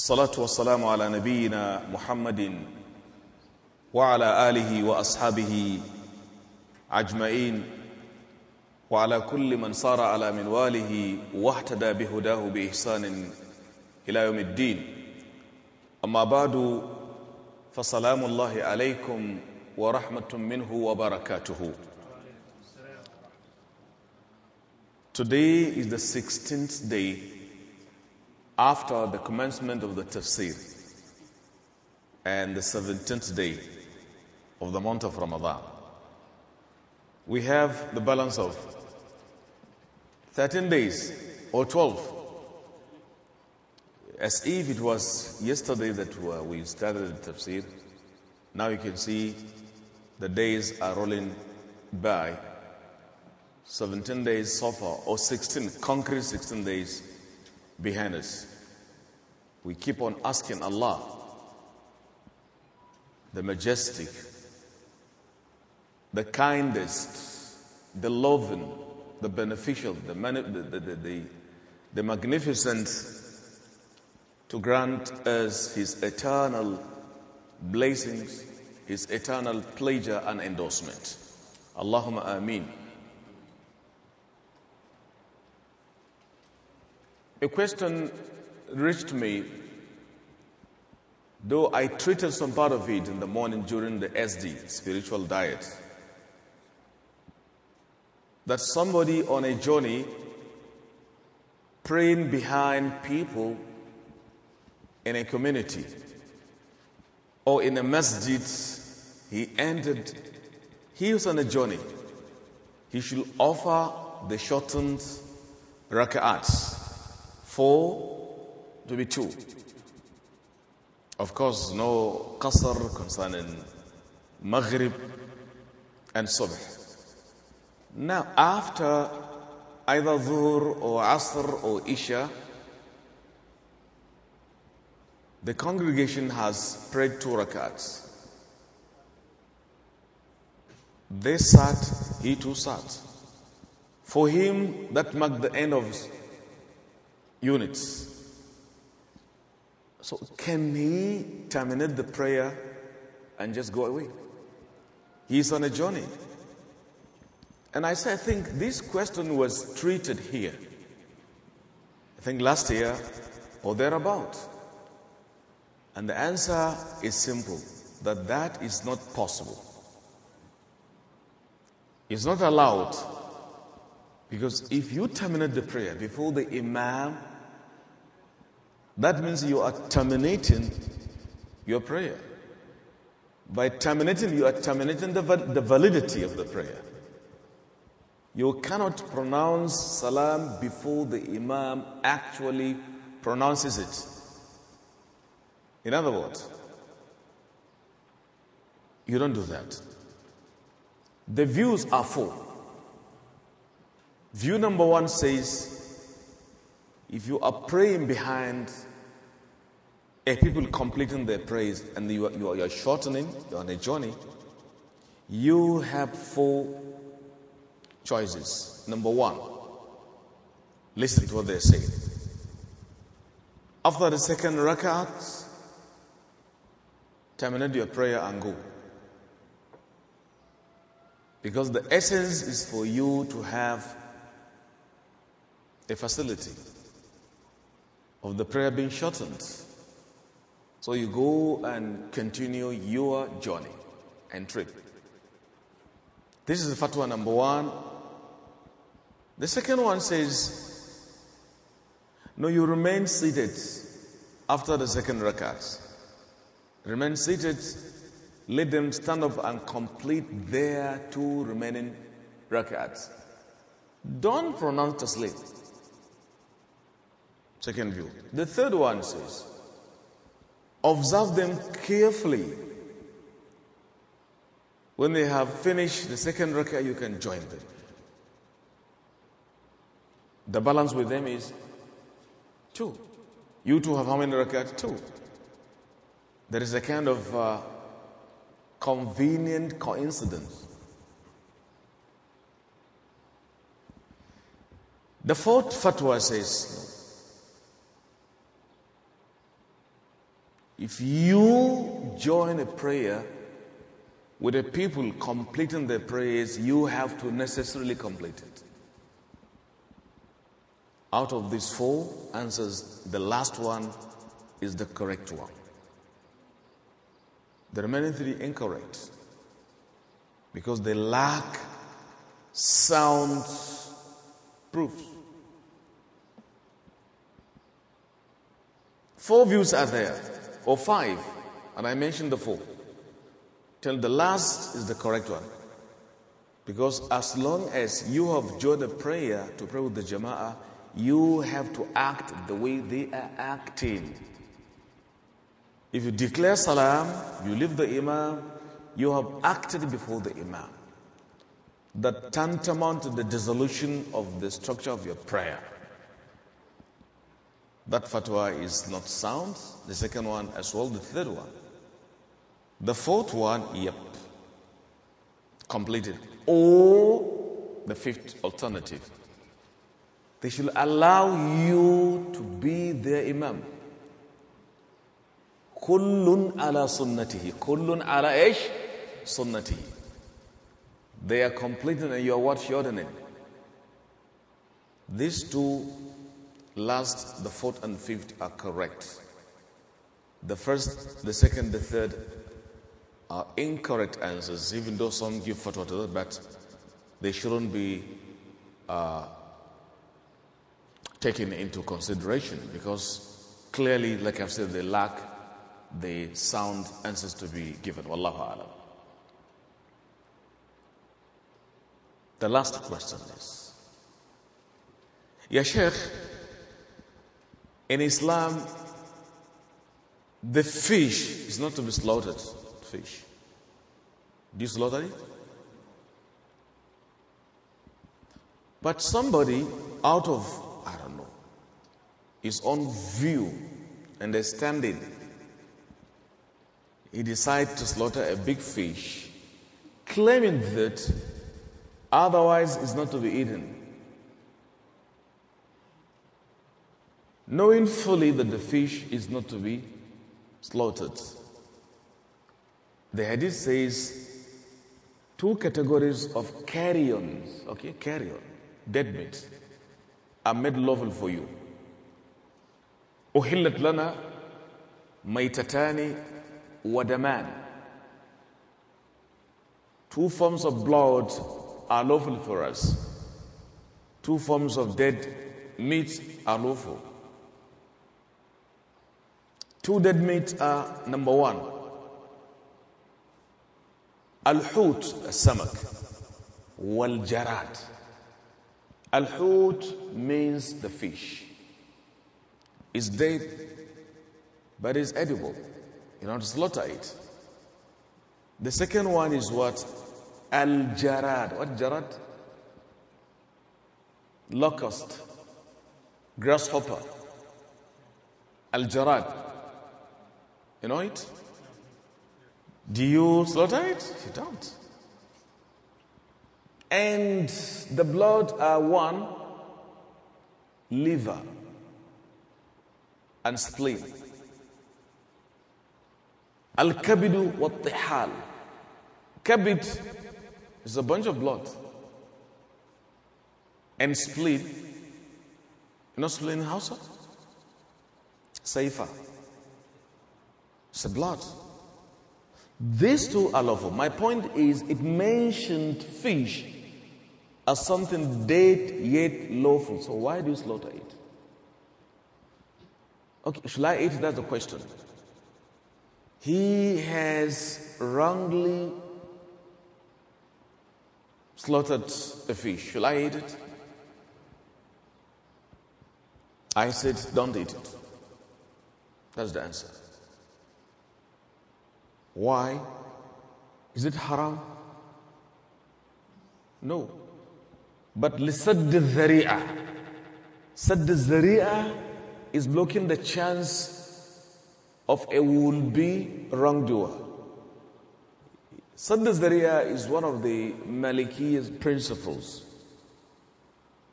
والصلاة والسلام على نبينا محمد وعلى آله وأصحابه أجمعين وعلى كل من صار على منواله واهتدى بهداه بإحسان إلى يوم الدين أما بعد فسلام الله عليكم ورحمة منه وبركاته Today is the 16th day after the commencement of the tafsir and the 17th day of the month of Ramadan. We have the balance of 13 days or 12, as if it was yesterday that we started the tafsir. Now you can see the days are rolling by 17 days so far, or 16, concrete 16 days behind us. We keep on asking Allah, the majestic, the kindest, the loving, the beneficial, the, the, the, the magnificent, to grant us His eternal blessings, His eternal pleasure and endorsement. Allahumma ameen. A question reached me, though I treated some part of it in the morning during the SD, spiritual diet, that somebody on a journey praying behind people in a community or in a masjid, he ended, he was on a journey. He should offer the shortened rak'at for to be two. Of course, no qasr concerning Maghrib and Subh. Now, after either Dhuhr or Asr or Isha, the congregation has prayed two rakats. They sat, he too sat. For him, that marked the end of units. So, can he terminate the prayer and just go away? He's on a journey. And I say, I think this question was treated here. I think last year or thereabout. And the answer is simple that that is not possible. It's not allowed because if you terminate the prayer before the Imam that means you are terminating your prayer. By terminating, you are terminating the, the validity of the prayer. You cannot pronounce salam before the Imam actually pronounces it. In other words, you don't do that. The views are four. View number one says if you are praying behind people completing their prayers and you are, you are, you are shortening, you're on a journey, you have four choices. Number one, listen to what they're saying. After the second rakat, terminate your prayer and go. Because the essence is for you to have a facility of the prayer being shortened. So you go and continue your journey and trip. This is fatwa number one. The second one says, No, you remain seated after the second rakat. Remain seated, let them stand up and complete their two remaining rakats. Don't pronounce taslim. Second view. The third one says, Observe them carefully. When they have finished the second rak'ah, you can join them. The balance with them is two. You two have how many rak'ah? Two. There is a kind of uh, convenient coincidence. The fourth fatwa says, If you join a prayer with the people completing their prayers, you have to necessarily complete it. Out of these four answers, the last one is the correct one. The remaining three incorrect because they lack sound proof. Four views are there or five, and I mentioned the four. Till the last is the correct one. Because as long as you have joined a prayer to pray with the Jama'ah, you have to act the way they are acting. If you declare salam, you leave the imam, you have acted before the imam. That tantamount to the dissolution of the structure of your prayer. That fatwa is not sound. The second one as well. The third one. The fourth one, yep. Completed. Or the fifth alternative. They should allow you to be their imam. Kullun ala sunnatihi. Kullun ala إيش سنته they are completed and you are what shortening these two last the fourth and fifth are correct the first, the second, the third are incorrect answers, even though some give fatwa to that, but they shouldn't be uh, taken into consideration because clearly, like I've said, they lack the sound answers to be given. Wallahu alam. The last question is, Ya Sheikh, in Islam, the fish is not to be slaughtered. Fish. Do you slaughter it? But somebody out of, I don't know, his own view, understanding, he decided to slaughter a big fish, claiming that otherwise it's not to be eaten. Knowing fully that the fish is not to be slaughtered. The hadith says two categories of carrions, okay, carrion, dead meat, are made lawful for you. أحلت لنا ميتتان wadaman. Two forms of blood are lawful for us. Two forms of dead meat are lawful. Two dead meat are number one. Al-Hut, samak wal-Jarad. Al-Hut means the fish. It's dead, but it's edible. You don't slaughter it. The second one is what? Al-Jarad. What Jarad? Locust. Grasshopper. Al-Jarad you know it? Do you slaughter it? You don't. And the blood are one liver and spleen. Al kabidu the tihal. Kabid is a bunch of blood. And spleen. You know spleen in house? Saifa. It's the blood. These two are lawful. My point is, it mentioned fish as something dead yet lawful. So why do you slaughter it? Okay, shall I eat? That's the question. He has wrongly slaughtered a fish. Shall I eat it? I said, don't eat it. That's the answer. Why? Is it haram? No. But لِسَدِّ zaria, Sadd zaria, is blocking the chance of a will-be wrongdoer. Sadd zaria is one of the Maliki's principles.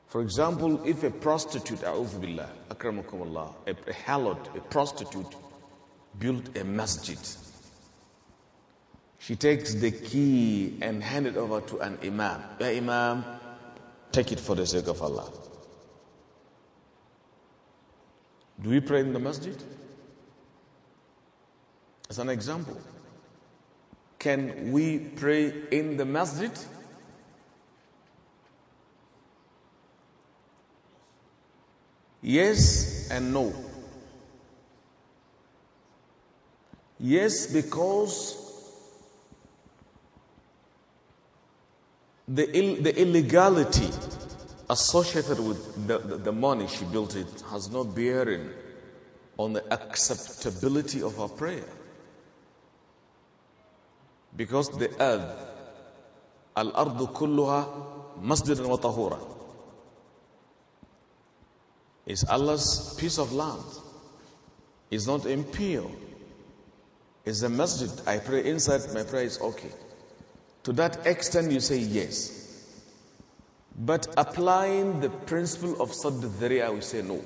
For example, if a prostitute, a, hallowed, harlot, a prostitute, built a masjid, she takes the key and hand it over to an imam. Ya imam, take it for the sake of Allah. Do we pray in the masjid? As an example, can we pray in the masjid? Yes and no. Yes, because the, Ill, the illegality associated with the, the, the money she built it has no bearing on the acceptability of her prayer. Because the earth, al ardu kulluha masjid wa tahura, is Allah's piece of land. It's not impure. It's a masjid. I pray inside, my prayer is okay. To that extent, you say yes. But applying the principle of Saddha we say no.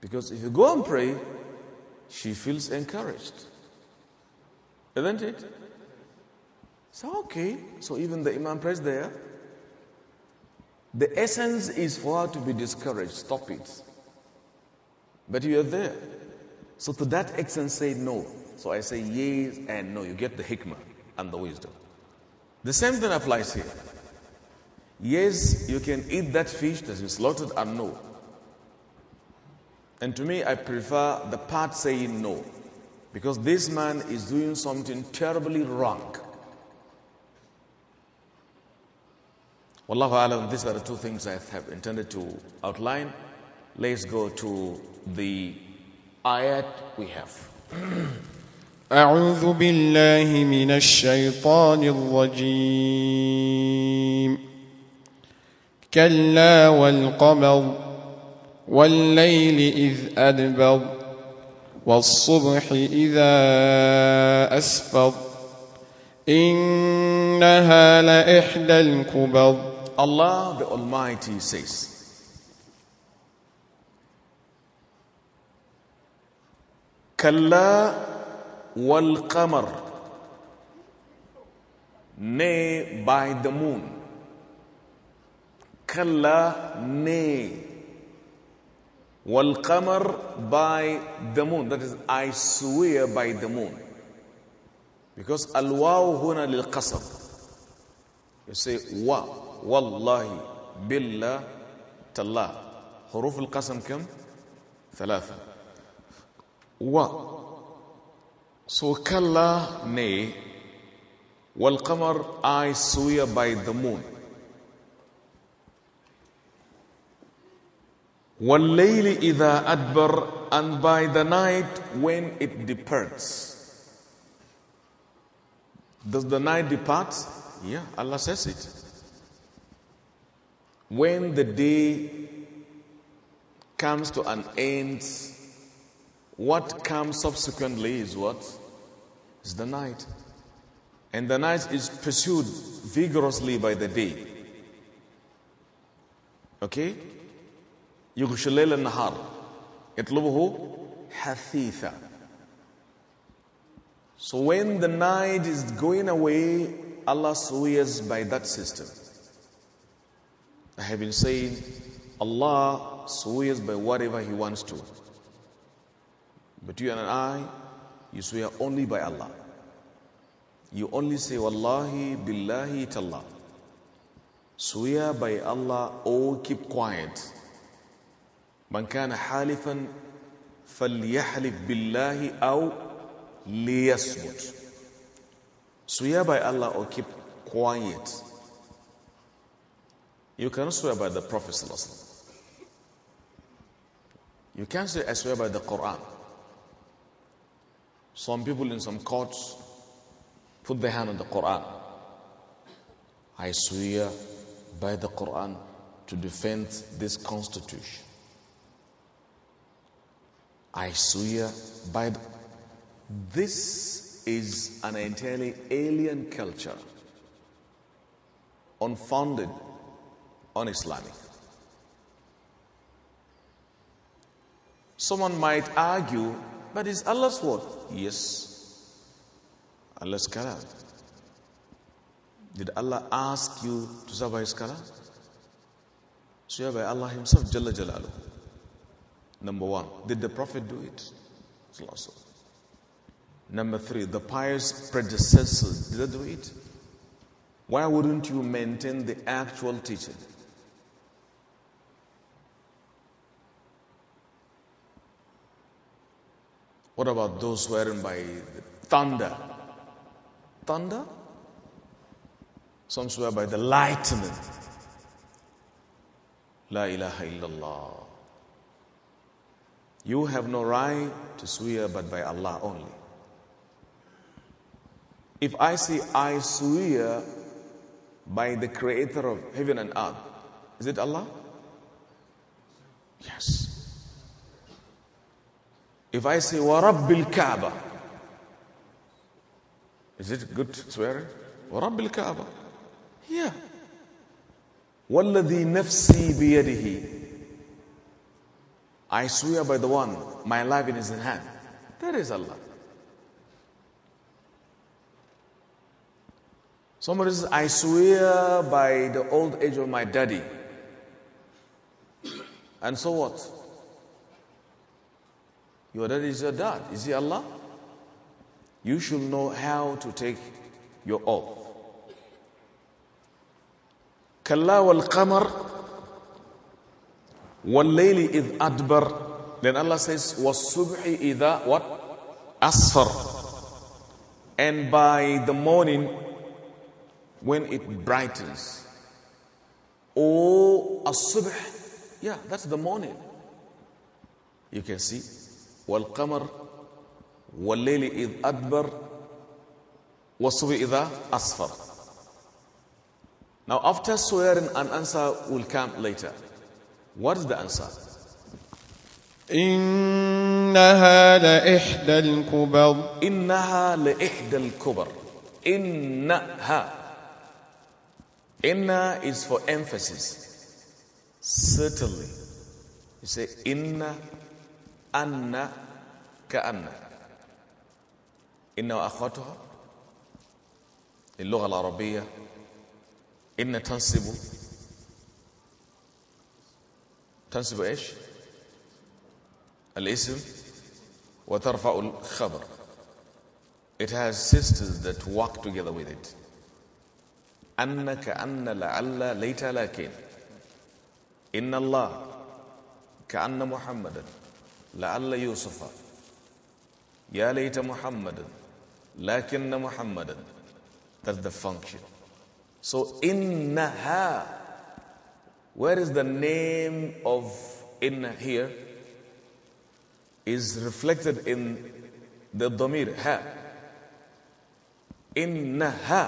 Because if you go and pray, she feels encouraged. Isn't it? So, okay. So, even the Imam prays there. The essence is for her to be discouraged. Stop it. But you are there. So, to that extent, say no. So, I say yes and no. You get the hikmah and the wisdom. The same thing applies here. Yes, you can eat that fish that's been slaughtered and no. And to me, I prefer the part saying no. Because this man is doing something terribly wrong. Wallahu alam, these are the two things I have intended to outline. Let's go to the ayat we have. أعوذ بالله من الشيطان الرجيم كلا والقمر والليل إذ أدبر والصبح إذا أسفر إنها لإحدى الكبر Allah the Almighty says, كَلَّا والقمر Nay, by the moon. Kalla, nay. والقمر by the moon. That is, I swear by the moon. Because al huna lil qasr. You say, wa, wallahi, billah, tallah. حروف القسم كم؟ ثلاثة. و so kalla nay wal qamar I swear by the moon. Wal layli idha adbar and by the night when it departs. Does the night depart? Yeah, Allah says it. When the day comes to an end, what comes subsequently is what? Is the night. And the night is pursued vigorously by the day. Okay? يغشي الليل النهار يطلبه حثيثا So when the night is going away, Allah swears by that system. I have been saying, Allah swears by whatever He wants to. But you and I, you swear only by Allah. You only say, Wallahi, Billahi, Tallah. Swear by Allah or oh, keep quiet. من كان حالفا فليحلف بالله أو ليصمت. Swear by Allah or oh, keep quiet. You cannot swear by the Prophet. You can't swear by the Quran. Some people in some courts put their hand on the Quran. I swear by the Quran to defend this constitution. I swear by the... this is an entirely alien culture, unfounded on Islamic. Someone might argue but it's Allah's word. Yes. Allah's kalam. Did Allah ask you to serve His So Swear by Allah Himself, Jalla Jalalu. Number one, did the Prophet do it? Number three, the pious predecessors, did they do it? Why wouldn't you maintain the actual teaching? What about those in by thunder? Thunder? Some swear by the lightning. La ilaha illallah. You have no right to swear but by Allah only. If I say I swear by the creator of heaven and earth, is it Allah? Yes. If I say Warabbil Kaaba, is it good swearing? Warabbil Kaaba. Yeah. Walladhi nafsi biyadihi. I swear by the one, my life is in his hand. There is Allah. Somebody says, I swear by the old age of my daddy. And so what? Your dad is your dad. Is he Allah? You should know how to take your oath. كلا والقمر والليل idh adbar. then Allah says والصبح إذا what asfar." and by the morning when it brightens Oh, oh, subh yeah that's the morning you can see والقمر والليل إذ أدبر والصبح إذا أصفر Now after swearing an answer will come later. What is the answer? إنها لإحدى الكبر إنها لإحدى الكبر إنها Inna is for emphasis. Certainly. You say, Inna أن كأن إن وأخواتها اللغة العربية إن تنصب تنصب إيش الاسم وترفع الخبر It has sisters that work together with it. أن كأن لعل ليت لكن إن الله كأن محمدا لعل يوسف يا ليت محمدا لكن محمدا that's the function so innaha where is the name of إن here is reflected in the dhamir ها innaha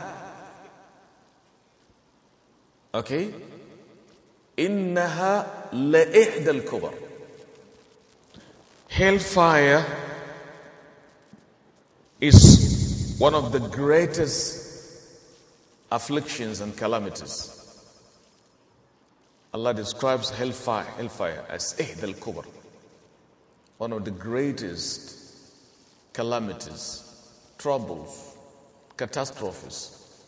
okay innaha لإحدى الكبر Hellfire is one of the greatest afflictions and calamities. Allah describes hellfire, hellfire as Ihd al Kubr, one of the greatest calamities, troubles, catastrophes.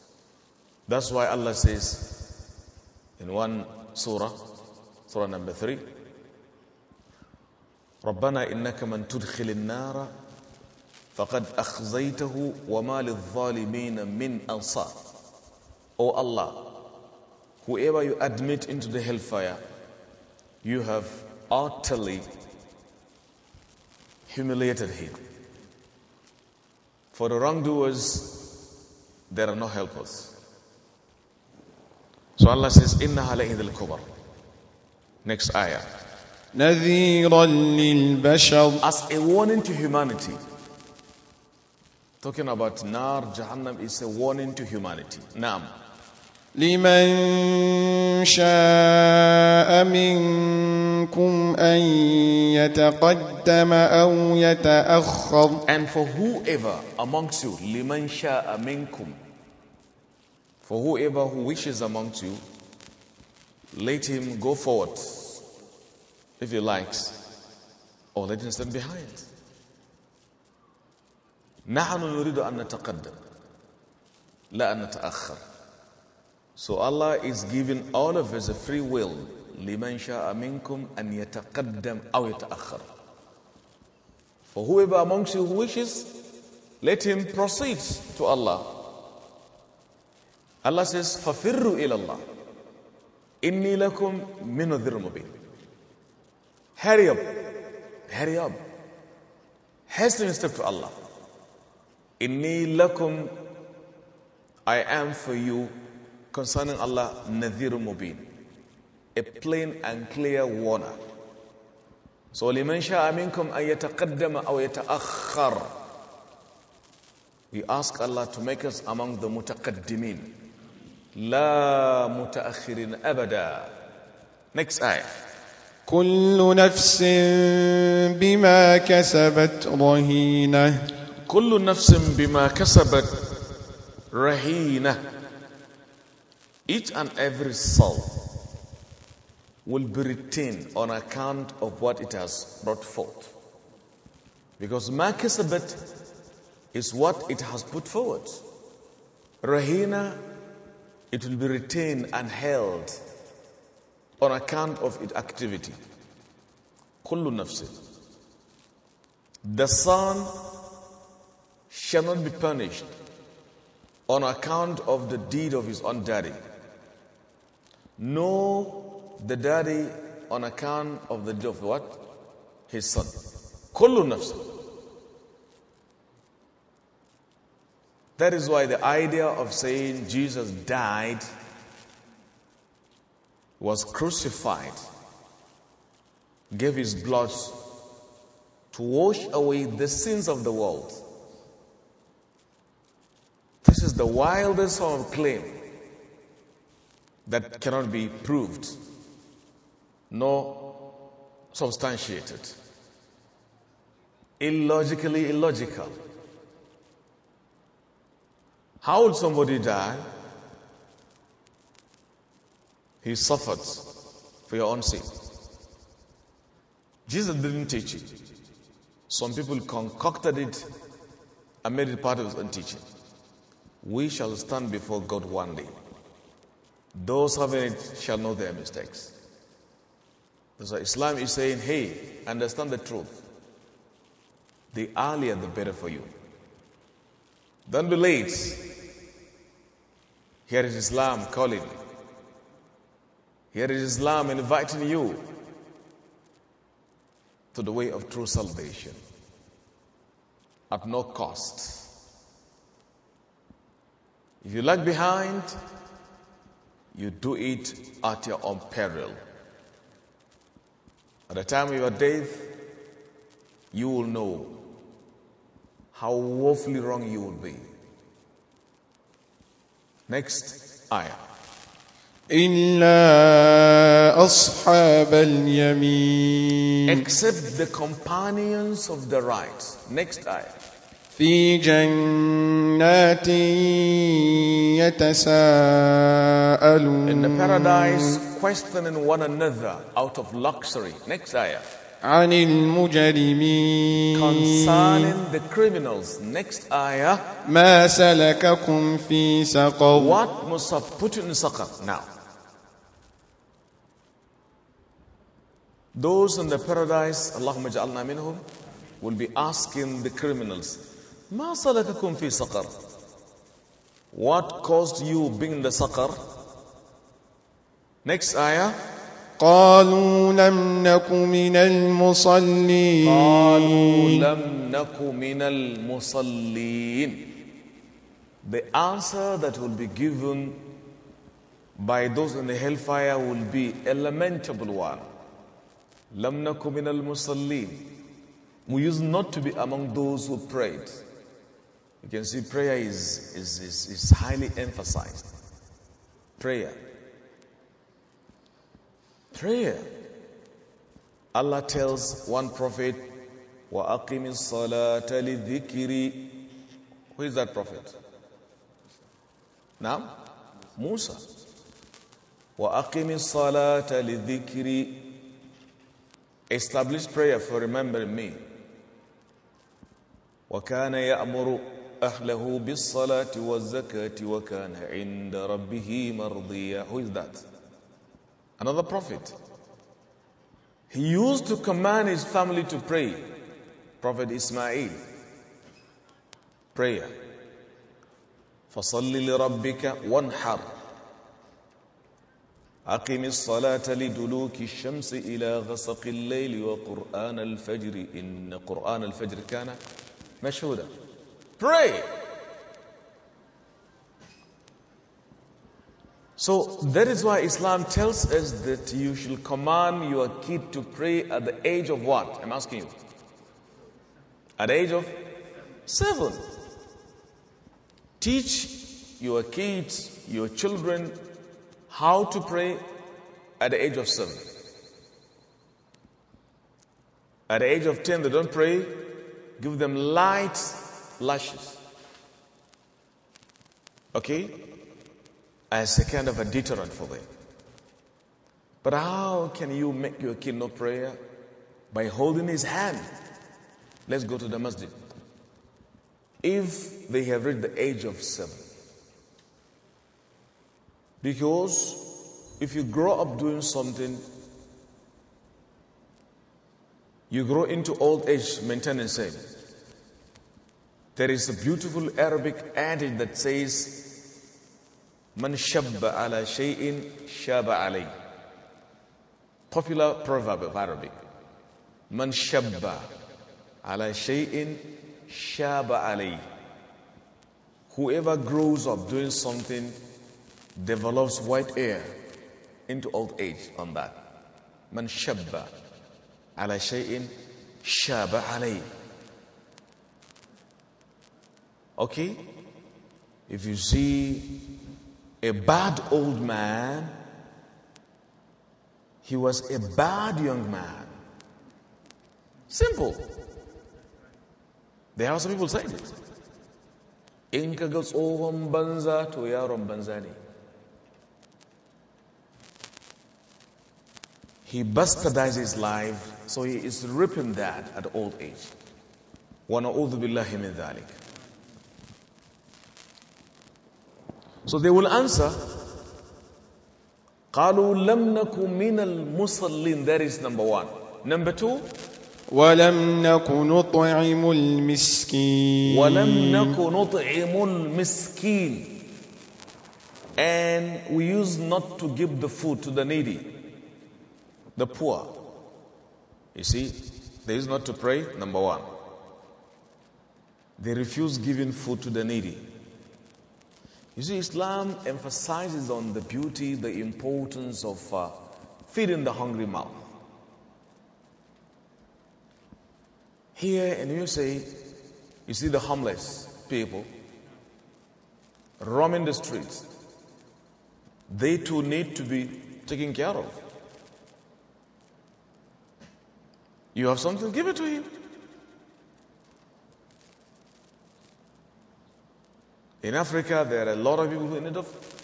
That's why Allah says in one surah, surah number three, ربنا إنك من تدخل النار فقد أخزيته وما للظالمين من أنصار Oh Allah whoever you admit into the hellfire you have utterly humiliated him for the wrongdoers there are no helpers so Allah says إنها لإذ الكبر next ayah نذيرا للبشر as a warning to humanity talking about nar jahannam is a warning to humanity نعم لمن شاء منكم أن يتقدم أو يتأخر and for whoever amongst you لمن شاء منكم for whoever who wishes amongst you let him go forward if he likes, or letting them behind. نحن نريد أن نتقدم لا أن نتأخر So Allah is giving all of us a free will لمن شاء منكم أن يتقدم أو يتأخر For whoever amongst you wishes let him proceed to Allah Allah says ففروا إلى الله إني لكم من الذر مبين Hurry up. Hurry up. Hasten instead to Allah. Inni lakum, I am for you concerning Allah, nadhirul mubin. A plain and clear warner. So, liman sha'a minkum an yataqaddama aw yata'akhkhar. We ask Allah to make us among the mutaqaddimin. La mutaakhirin abada. Next ayah. كل نفس بما كسبت رهينة كل نفس بما كسبت رهينة Each and every soul will be retained on account of what it has brought forth. Because ما كسبت is what it has put forward. Rahina, it will be retained and held on account of its activity. Kullu nafsin. The son shall not be punished on account of the deed of his own daddy, No, the daddy on account of the deed of what? His son. Kullu nafsin. That is why the idea of saying Jesus died was crucified, gave his blood to wash away the sins of the world. This is the wildest of claim that cannot be proved nor substantiated. Illogically illogical. How would somebody die he suffered for your own sake. Jesus didn't teach it. Some people concocted it and made it part of his own teaching. We shall stand before God one day. Those having it shall know their mistakes. So Islam is saying, hey, understand the truth. The earlier, the better for you. Don't be late. Here is Islam calling. Here is Islam inviting you to the way of true salvation at no cost. If you lag behind, you do it at your own peril. At the time of your death, you will know how woefully wrong you will be. Next ayah. إلا أصحاب اليمين except the companions of the right next ayah في جنات يتساءلون in the paradise questioning one another out of luxury next ayah عن المجرمين concerning the criminals next ayah ما سلككم في سقر what must have put in سقر now Those in the paradise, Allahumma ja'alna minhum, will be asking the criminals, ما صلككم في سقر? What caused you being the saqar? Next ayah. قالوا لم نك من المصلين قالوا لم نك من المصلين The answer that will be given by those in the hellfire will be a lamentable one. Lamna kuminal al We used not to be among those who prayed. You can see prayer is, is, is, is highly emphasized. Prayer. Prayer. Allah tells one prophet, "Wa وَأَقِمِ الصَّلَاةَ لِذِكِرِ Who is that prophet? Now, Musa. Wa وَأَقِمِ الصَّلَاةَ لِذِكِرِ Establish prayer for remembering me. وكان يأمر أهله بالصلاة والزكاة وكان عند ربه مرضيا Who is that? Another prophet. He used to command his family to pray. Prophet Ismail. Prayer. فصل لربك وانحر أقم الصلاة لدلوك الشمس إلى غسق الليل وقرآن الفجر إن قرآن الفجر كان مشهودا Pray So that is why Islam tells us that you shall command your kid to pray at the age of what? I'm asking you. At the age of seven. Teach your kids, your children, how to pray at the age of seven. At the age of 10, they don't pray, give them light lashes. Okay? As a kind of a deterrent for them. But how can you make your kid not pray? By holding his hand. Let's go to the masjid. If they have reached the age of seven, because if you grow up doing something, you grow into old age maintaining same. There is a beautiful Arabic adage that says, Man shabba ala shay'in shaba alay. Popular proverb of Arabic. Man shabba ala shay'in shaba alay. Whoever grows up doing something, develops white hair into old age on that. Man shabba ala shay'in shaba alayh. Okay? If you see a bad old man, he was a bad young man. Simple. There are some people saying it. Inka ka ga banza to yaron banzani. He bastardized his life, so he is ripping that at old age. So they will answer, قالوا لم نكن من المصلين that is number one number two ولم نكن نطعم المسكين ولم نكن نطعم المسكين and we used not to give the food to the needy the poor. You see, there is not to pray, number one. They refuse giving food to the needy. You see, Islam emphasizes on the beauty, the importance of uh, feeding the hungry mouth. Here in USA, you see the homeless people roaming the streets. They too need to be taken care of. You have something, give it to him. In Africa, there are a lot of people who need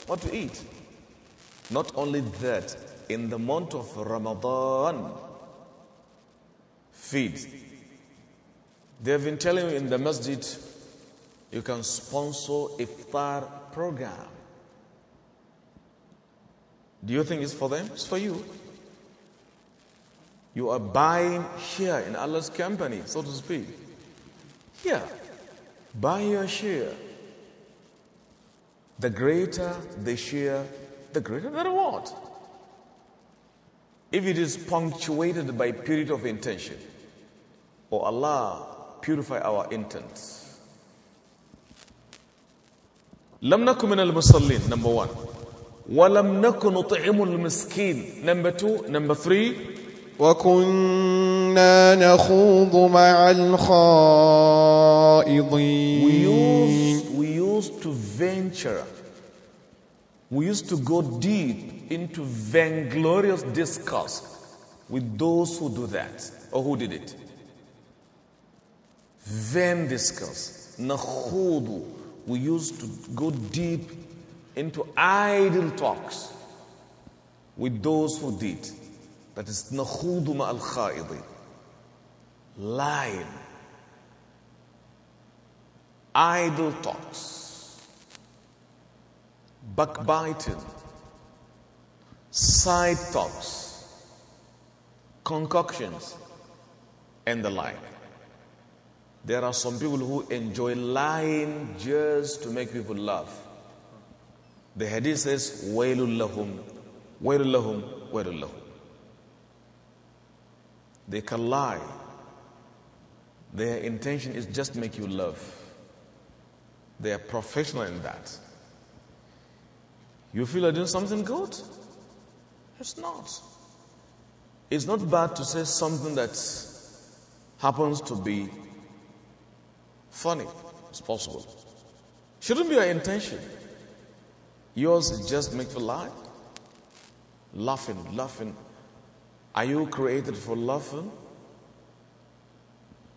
what to eat. Not only that, in the month of Ramadan, feed. They have been telling you in the masjid, you can sponsor iftar program. Do you think it's for them? It's for you. You are buying share in Allah's company, so to speak. Here, buy your share. The greater the share, the greater the reward. If it is punctuated by period of intention, O oh Allah, purify our intents. لم نكن من المصلين number one ولم نكن نطعم المسكين number two number three وكنا نخوض مع الخائضين we used, we used to venture we used to go deep into vainglorious discourse with those who do that or who did it vain discourse nakhudu we used to go deep into idle talks with those who did that is nakhudu ma al Lying. Idle thoughts, Backbiting. Side talks. Concoctions. And the like. There are some people who enjoy lying just to make people laugh. The hadith says, وَيْلُ لَهُمْ وَيْلُ لَهُمْ وَيْلُ لَهُمْ they can lie. Their intention is just make you love. They are professional in that. You feel you're doing something good? It's not. It's not bad to say something that happens to be funny. It's possible. Shouldn't be your intention. Yours is just make you lie. Laughing, laughing, are you created for laughing?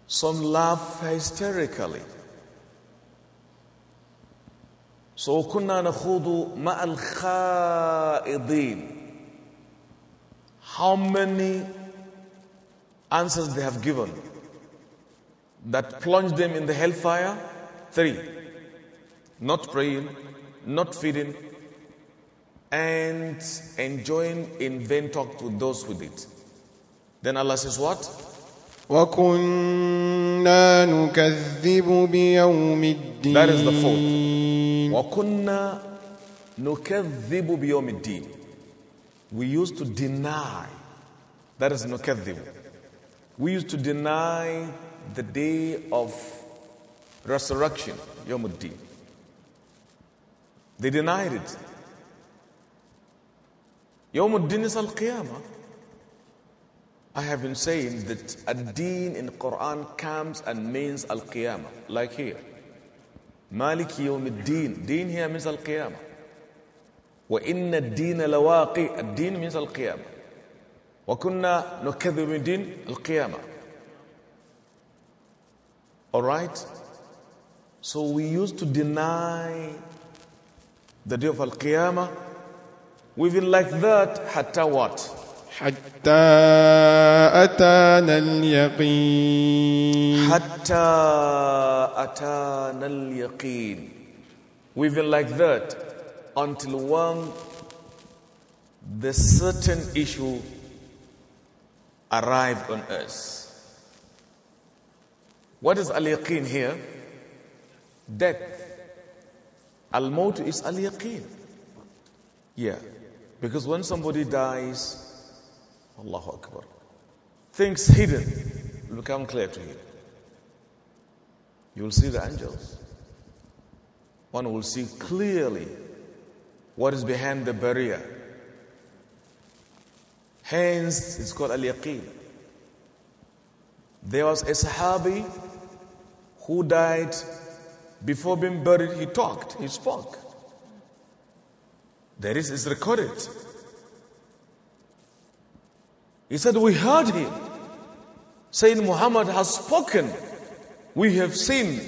Some laugh hysterically. So كنا نخوض مع الخائضين. How many answers they have given that plunged them in the hellfire? Three. Not praying, not feeding, and enjoying in vain talk with those with it. Then Allah says what? That is the fourth. We used to deny. That is نُكَذِّبُ. We used to deny the day of resurrection, Yawmuddin. They denied it. يوم الدين din is al I have been saying that a din in Quran comes and means al-Qiyamah, like here. مالك يوم الدين دين هي here means al-Qiyamah. وإن الدين لواقي الدين means القيامة وكنا نكذب بالدين القيامة Alright? So we used to deny the day of Al-Qiyamah We've been like that hatta what? حتى أتانا اليقين حتى أتانا اليقين We've been like that until one the certain issue arrived on us. What is al-yaqeen here? Death. Al-maut is al-yaqeen. Yeah. Because when somebody dies, Allahu Akbar, things hidden will become clear to you. You will see the angels. One will see clearly what is behind the barrier. Hence, it's called al yaqeen. There was a Sahabi who died before being buried. He talked, he spoke. There is, is recorded. He said, We heard him saying, Muhammad has spoken. We have seen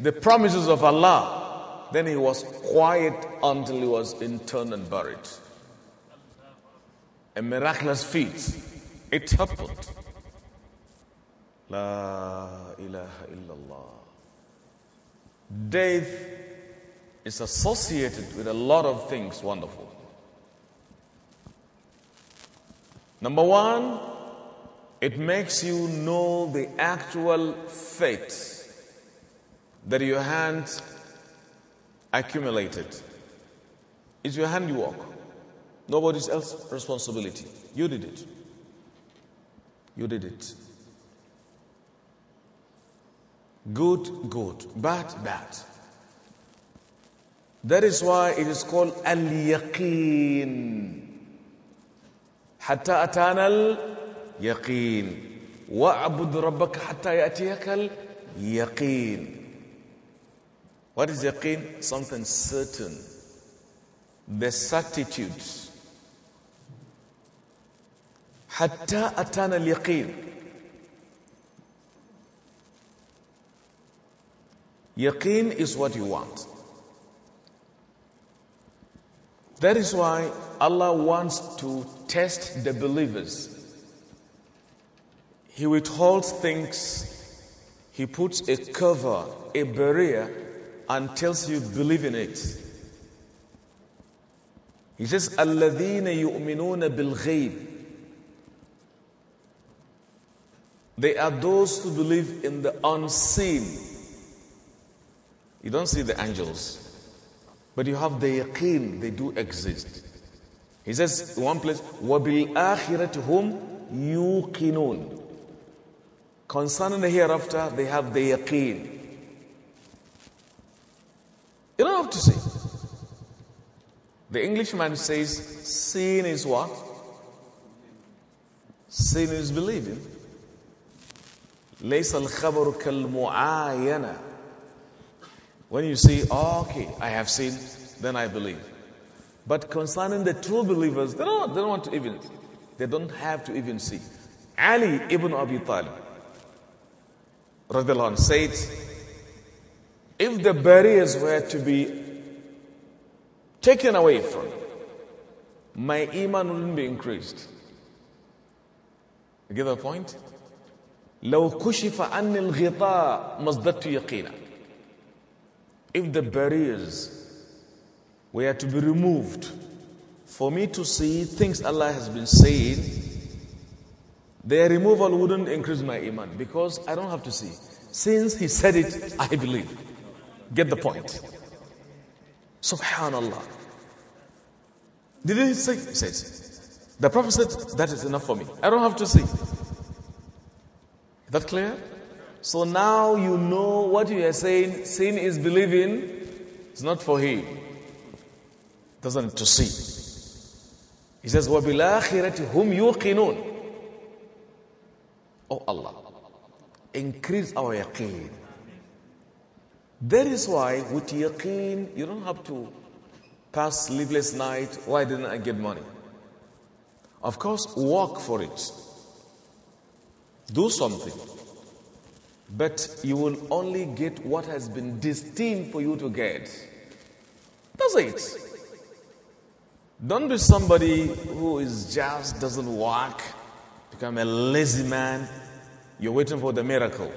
the promises of Allah. Then he was quiet until he was interred and buried. A miraculous feat. It happened. La ilaha illallah. Death is associated with a lot of things wonderful. Number one, it makes you know the actual fate that your hand accumulated. It's your handiwork. Nobody's else responsibility. You did it. You did it. Good, good. Bad, bad. That is why it is called al-yaqeen. حتى أتانا اليقين وأعبد ربك حتى يأتيك اليقين What is yaqeen? Something certain. The certitude. حتى أتانا اليقين Yaqeen is what you want. That is why Allah wants to test the believers. He withholds things, He puts a cover, a barrier, and tells you believe in it. He says, الَّذِينَ يُؤْمِنُونَ بِالْغَيْبِ They are those who believe in the unseen. You don't see the angels. But you have the yaqeen, they do exist. He says one place, وَبِالْآخِرَةِ هُمْ يُوقِنُونَ Concerning the hereafter, they have the yaqeen. You don't have to say. The Englishman says, sin is what? Sin is believing. ليس الخبر كالمعاينة. When you see, oh, okay, I have seen, then I believe. But concerning the true believers, they don't, they don't want to even, they don't have to even see. Ali ibn Abi Talib radiallahu said, if the barriers were to be taken away from my iman wouldn't be increased. You get the point? لو كشف عني الغطاء مصددت يقينا if the barriers were to be removed for me to see things Allah has been saying, their removal wouldn't increase my iman because I don't have to see. Since He said it, I believe. Get the point. Subhanallah. Did he say? He says. The Prophet said, That is enough for me. I don't have to see. Is that clear? So now you know what you are saying. Sin is believing. It's not for him. Doesn't to see. He says, وَبِالْآخِرَةِ هُمْ يُوقِنُونَ Oh Allah, increase our yaqeen. That is why with yaqeen, you don't have to pass sleepless night. Why didn't I get money? Of course, work for it. Do something. But you will only get what has been destined for you to get. That's it. Don't be somebody who is just doesn't work, become a lazy man. You're waiting for the miracle.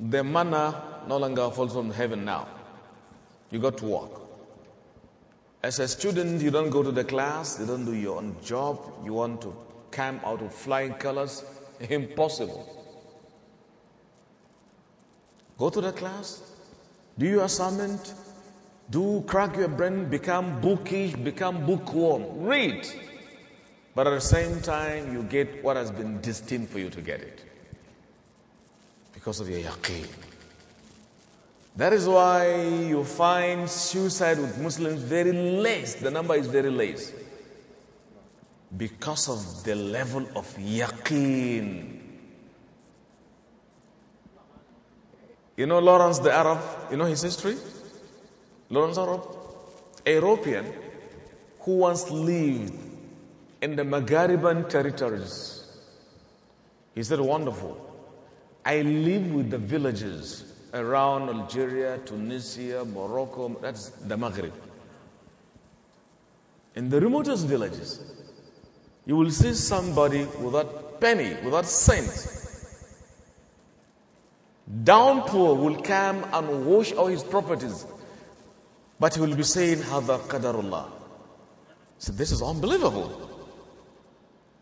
The manna no longer falls from heaven now. You got to work. As a student, you don't go to the class, you don't do your own job, you want to come out of flying colors. Impossible. Go to the class, do your assignment, do crack your brain, become bookish, become bookworm. Read. But at the same time, you get what has been destined for you to get it because of your yaqeen. That is why you find suicide with Muslims very less. The number is very less. Because of the level of yaqeen You know Lawrence the Arab, you know his history? Lawrence Arab, European who once lived in the Maghariban territories. He said, Wonderful. I live with the villages around Algeria, Tunisia, Morocco, that's the Maghreb. In the remotest villages, you will see somebody without penny, without cent, Downpour will come and wash all his properties. But he will be saying, Hada Qadarullah. So this is unbelievable.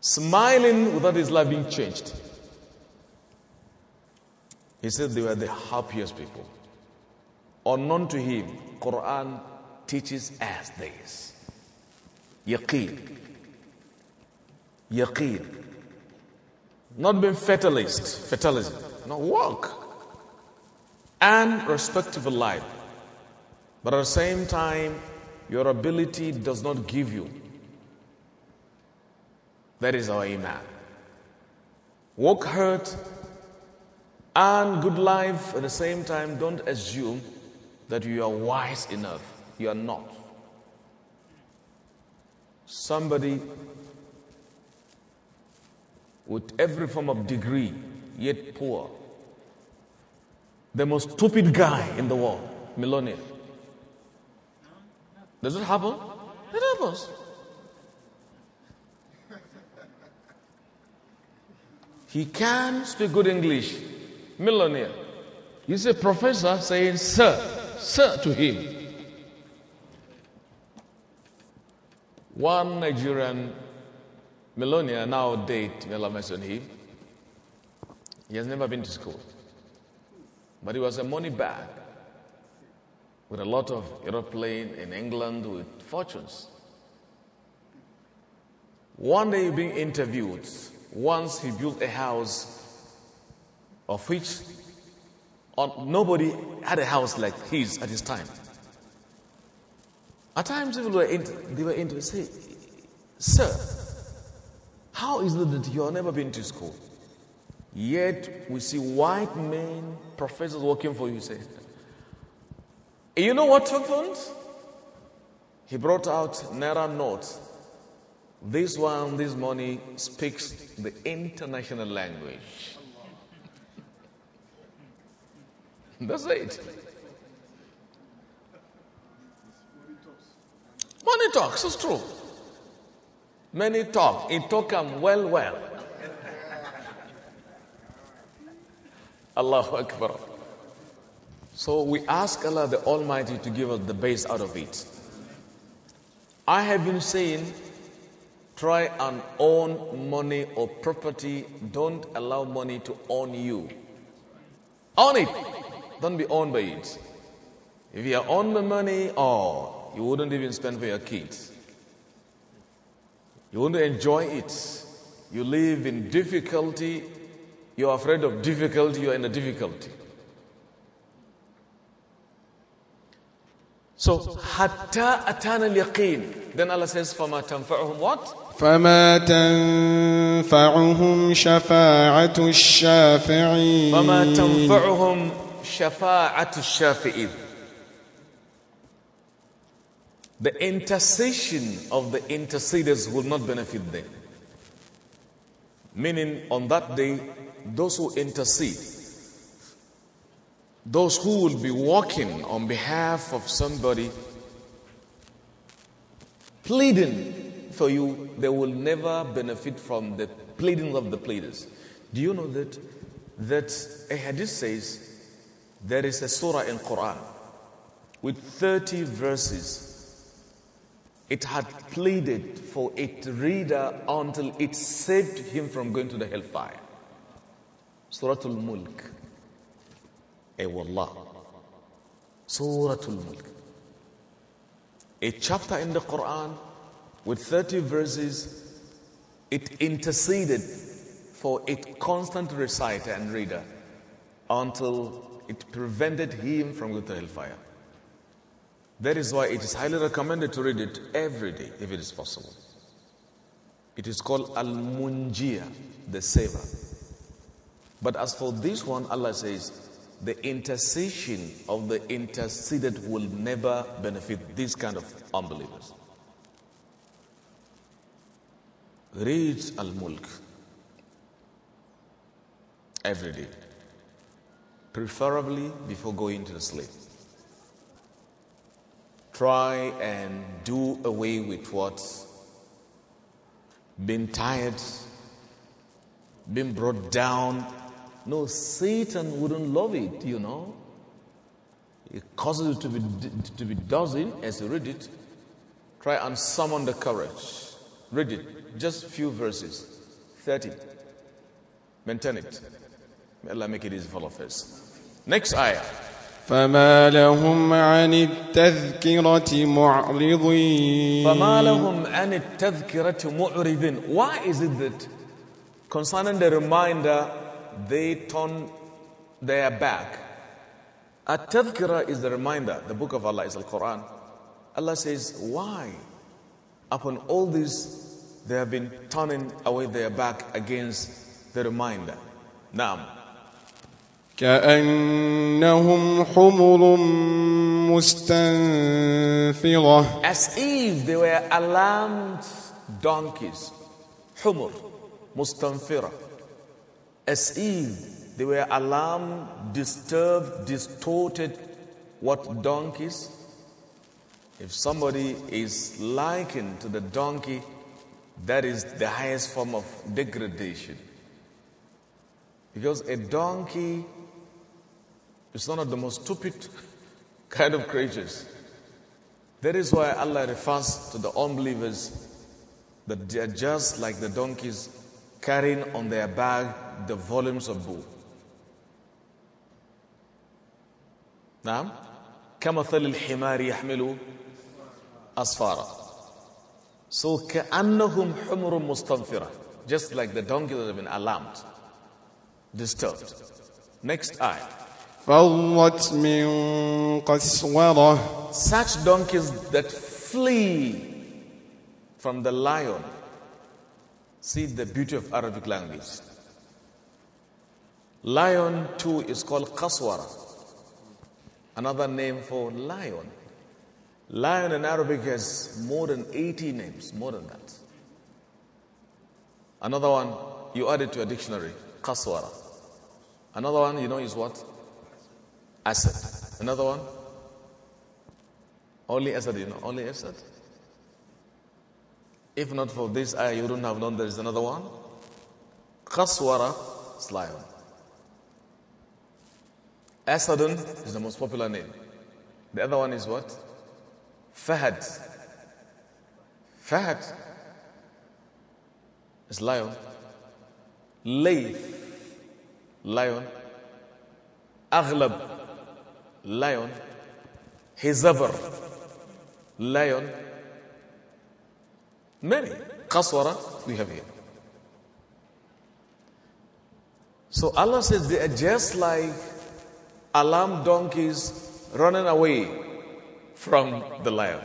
Smiling without his life being changed. He said they were the happiest people. Unknown to him, Quran teaches us this. Yaqeen. Yaqeen. Not being fatalist, fatalism. No, work and respectable life. But at the same time, your ability does not give you. That is our Iman. Work hard and good life at the same time. Don't assume that you are wise enough. You are not. Somebody with every form of degree, yet poor the most stupid guy in the world, Melania. Does it happen? It happens. He can speak good English, millionaire. He's a professor saying sir, sir to him. One Nigerian millionaire now date, may Allah mention him. He has never been to school. But it was a money bag with a lot of aeroplane in England with fortunes. One day being interviewed, once he built a house of which nobody had a house like his at his time. At times, people were inter- they were interested. Sir, how is it that you have never been to school? Yet we see white men professors working for you say. You know what happened? He brought out Naira notes. This one, this money, speaks the international language. That's it. Money talks, it's true. Many talk, it talk them well, well. Allahu Akbar. So we ask Allah the Almighty to give us the base out of it. I have been saying, try and own money or property. Don't allow money to own you. Own it. Don't be owned by it. If you are owned by money, oh, you wouldn't even spend for your kids. You wouldn't enjoy it. You live in difficulty you are afraid of difficulty, you are in a difficulty. So, hatta atana yaqeen. Then Allah says, فَمَا تَنْفَعُهُمْ what? فَمَا تَنْفَعُهُمْ شَفَاعَةُ الشَّافِعِينَ فَمَا تَنْفَعُهُمْ شَفَاعَةُ الشَّافِعِينَ The intercession of the interceders will not benefit them. Meaning, on that day, those who intercede, those who will be walking on behalf of somebody, pleading for you, they will never benefit from the pleading of the pleaders. Do you know that that a hadith says there is a surah in Quran with 30 verses. It had pleaded for its reader until it saved him from going to the hellfire. Suratul Mulk. Eh, wallah. Suratul Mulk. A chapter in the Quran with 30 verses, it interceded for its constant reciter and reader until it prevented him from going to hellfire. That is why it is highly recommended to read it every day if it is possible. It is called Al Munjia, the Saver. But as for this one, Allah says, the intercession of the interceded will never benefit these kind of unbelievers. Read Al Mulk every day, preferably before going to sleep. Try and do away with what? Being tired, being brought down no, Satan wouldn't love it, you know. It causes you to be, to be dozing as you read it. Try and summon the courage. Read it. Just few verses. 30. Maintain it. May Allah make it easy for all of us. Next ayah. فما لهم عن التذكرة معرضين فما لهم عن التذكرة معرضين Why is it that concerning the reminder they turn their back. At tadhkirah is the reminder, the book of Allah is the Quran. Allah says, Why? Upon all this, they have been turning away their back against the reminder. Naam. كأنهم حمر مستنفرة As if they were alarmed donkeys. حمر مستنفرة as if they were alarmed, disturbed, distorted. What donkeys? If somebody is likened to the donkey, that is the highest form of degradation. Because a donkey is one of the most stupid kind of creatures. That is why Allah refers to the unbelievers that they are just like the donkeys carrying on their back the volumes of book. نعم كمثل الحمار يحمل أصفارا So كأنهم حمر مستنفرة Just like the donkeys that have been alarmed Disturbed Next ayah فرت من قسورة Such donkeys that flee from the lion See the beauty of Arabic language Lion too is called Kaswara, another name for lion. Lion in Arabic has more than 80 names, more than that. Another one, you add it to a dictionary, Kaswara. Another one, you know, is what? Asad. Another one? Only Asad, you know, only Asad. If not for this ayah, you wouldn't have known there is another one. Kaswara is lion. Asadun is the most popular name. The other one is what? Fahad. Fahad is lion. Layth, lion. Aghlab, lion. Hizabar, lion. Many. Qaswara, we have here. So Allah says they are just like Alarm! donkeys running away from the lion.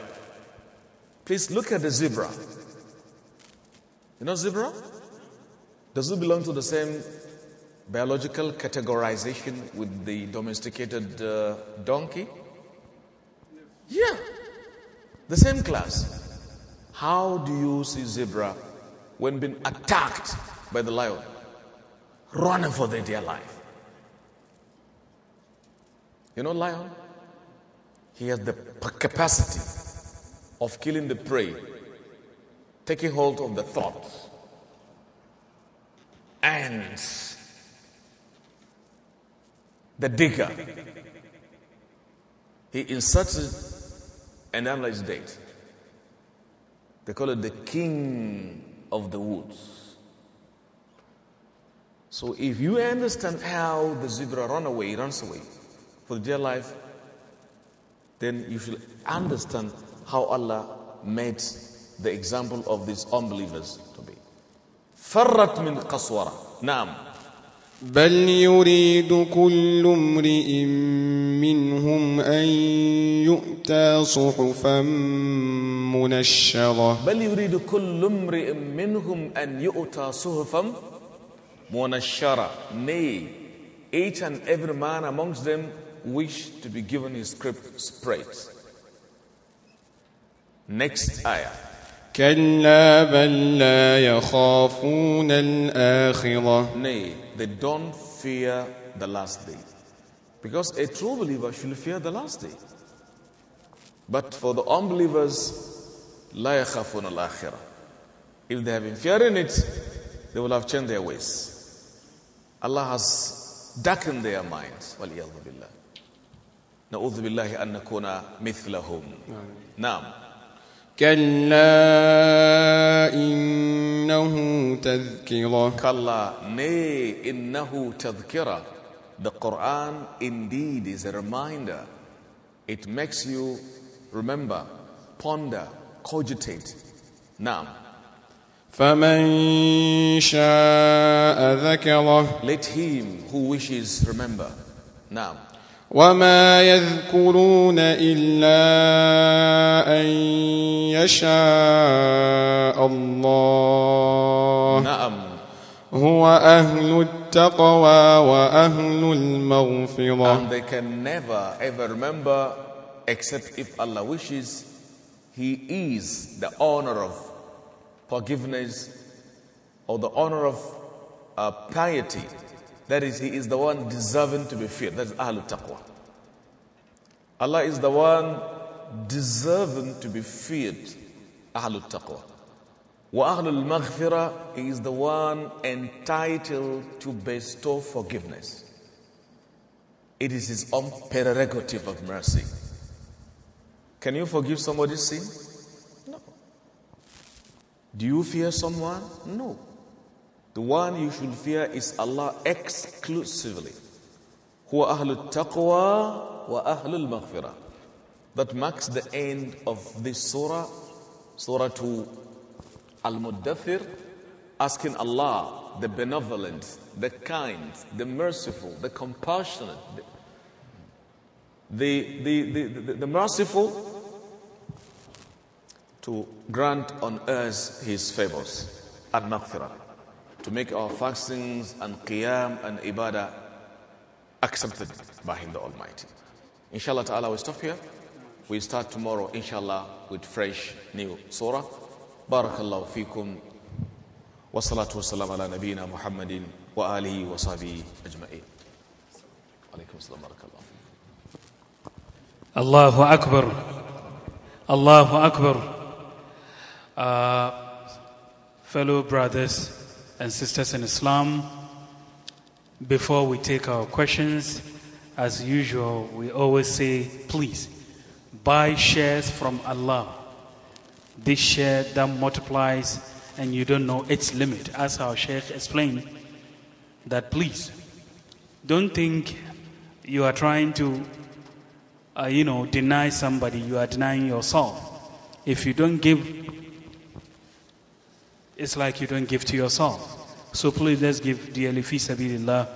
Please look at the zebra. You know zebra? Does it belong to the same biological categorization with the domesticated uh, donkey? Yeah, the same class. How do you see zebra when being attacked by the lion? Running for their dear life. You know, lion? He has the capacity of killing the prey, taking hold of the thoughts. And the digger, he inserts it and analyzes is They call it the king of the woods. So if you understand how the zebra runs away, runs away, for dear life, then you should understand how Allah made the example of these unbelievers to be. فرت من قسورة نعم بل يريد كل امرئ منهم أن يؤتى صحفا منشرة بل يريد كل امرئ منهم أن يؤتى صحفا منشرة nay each and every man amongst them Wish to be given his script praise. Next ayah. كلا بل لا يخافون الآخرة. Nay, they don't fear the last day. Because a true believer should fear the last day. But for the unbelievers, لا يخافون الآخرة. If they have been fearing it, they will have changed their ways. Allah has darkened their minds. نعوذ بالله أن نكون مثلهم نعم كلا إنه تذكرة كلا ني إنه تذكرة The Quran indeed is a reminder It makes you remember ponder cogitate نعم فمن شاء ذكره Let him who wishes remember نعم وما يذكرون إلا أن يشاء الله نعم هو أهل التقوى وأهل المغفرة And they can never ever remember except if Allah wishes He is the honor of forgiveness or the honor of uh, piety. That is, he is the one deserving to be feared. That is Ahlul Taqwa. Allah is the one deserving to be feared. Ahlul Taqwa. Wa Ahlul Maghfirah, he is the one entitled to bestow forgiveness. It is his own prerogative of mercy. Can you forgive somebody's sin? No. Do you fear someone? No. The one you should fear is Allah exclusively. هو أهل التقوى وأهل maghfirah That marks the end of this surah, surah 2 Al-Muddathir, asking Allah, the benevolent, the kind, the merciful, the compassionate, the, the, the, the, the merciful, to grant on earth his favors. Al-Maghfirah to make our fastings and qiyam and ibadah accepted by Him the Almighty. Inshallah ta'ala, we stop here. We start tomorrow, inshallah, with fresh new surah. Barakallahu fikum. والصلاة والسلام wa نبينا wa وآله wa أجمعين عليكم السلام ورحمة الله الله akbar. الله أكبر uh, fellow brothers and sisters in Islam. Before we take our questions, as usual, we always say, please buy shares from Allah. This share that multiplies and you don't know its limit. As our Sheikh explained, that please don't think you are trying to, uh, you know, deny somebody, you are denying yourself. If you don't give it's like you don't give to yourself. So please let's give dearly fi sabilillah,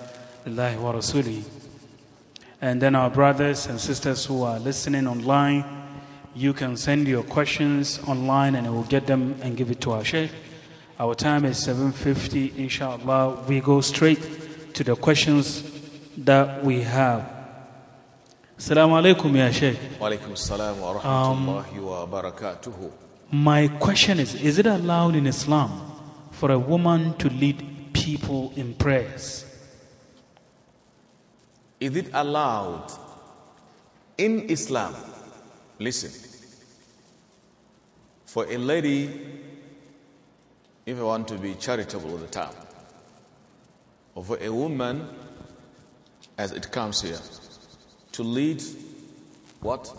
wa rasuli. And then our brothers and sisters who are listening online, you can send your questions online and we'll get them and give it to our sheikh. Our time is 7.50, inshallah. We go straight to the questions that we have. Assalamu alaikum, ya sheikh. Wa alaikum assalam wa rahmatullahi wa barakatuhu. My question is Is it allowed in Islam for a woman to lead people in prayers? Is it allowed in Islam? Listen, for a lady, if I want to be charitable with the term, or for a woman, as it comes here, to lead what?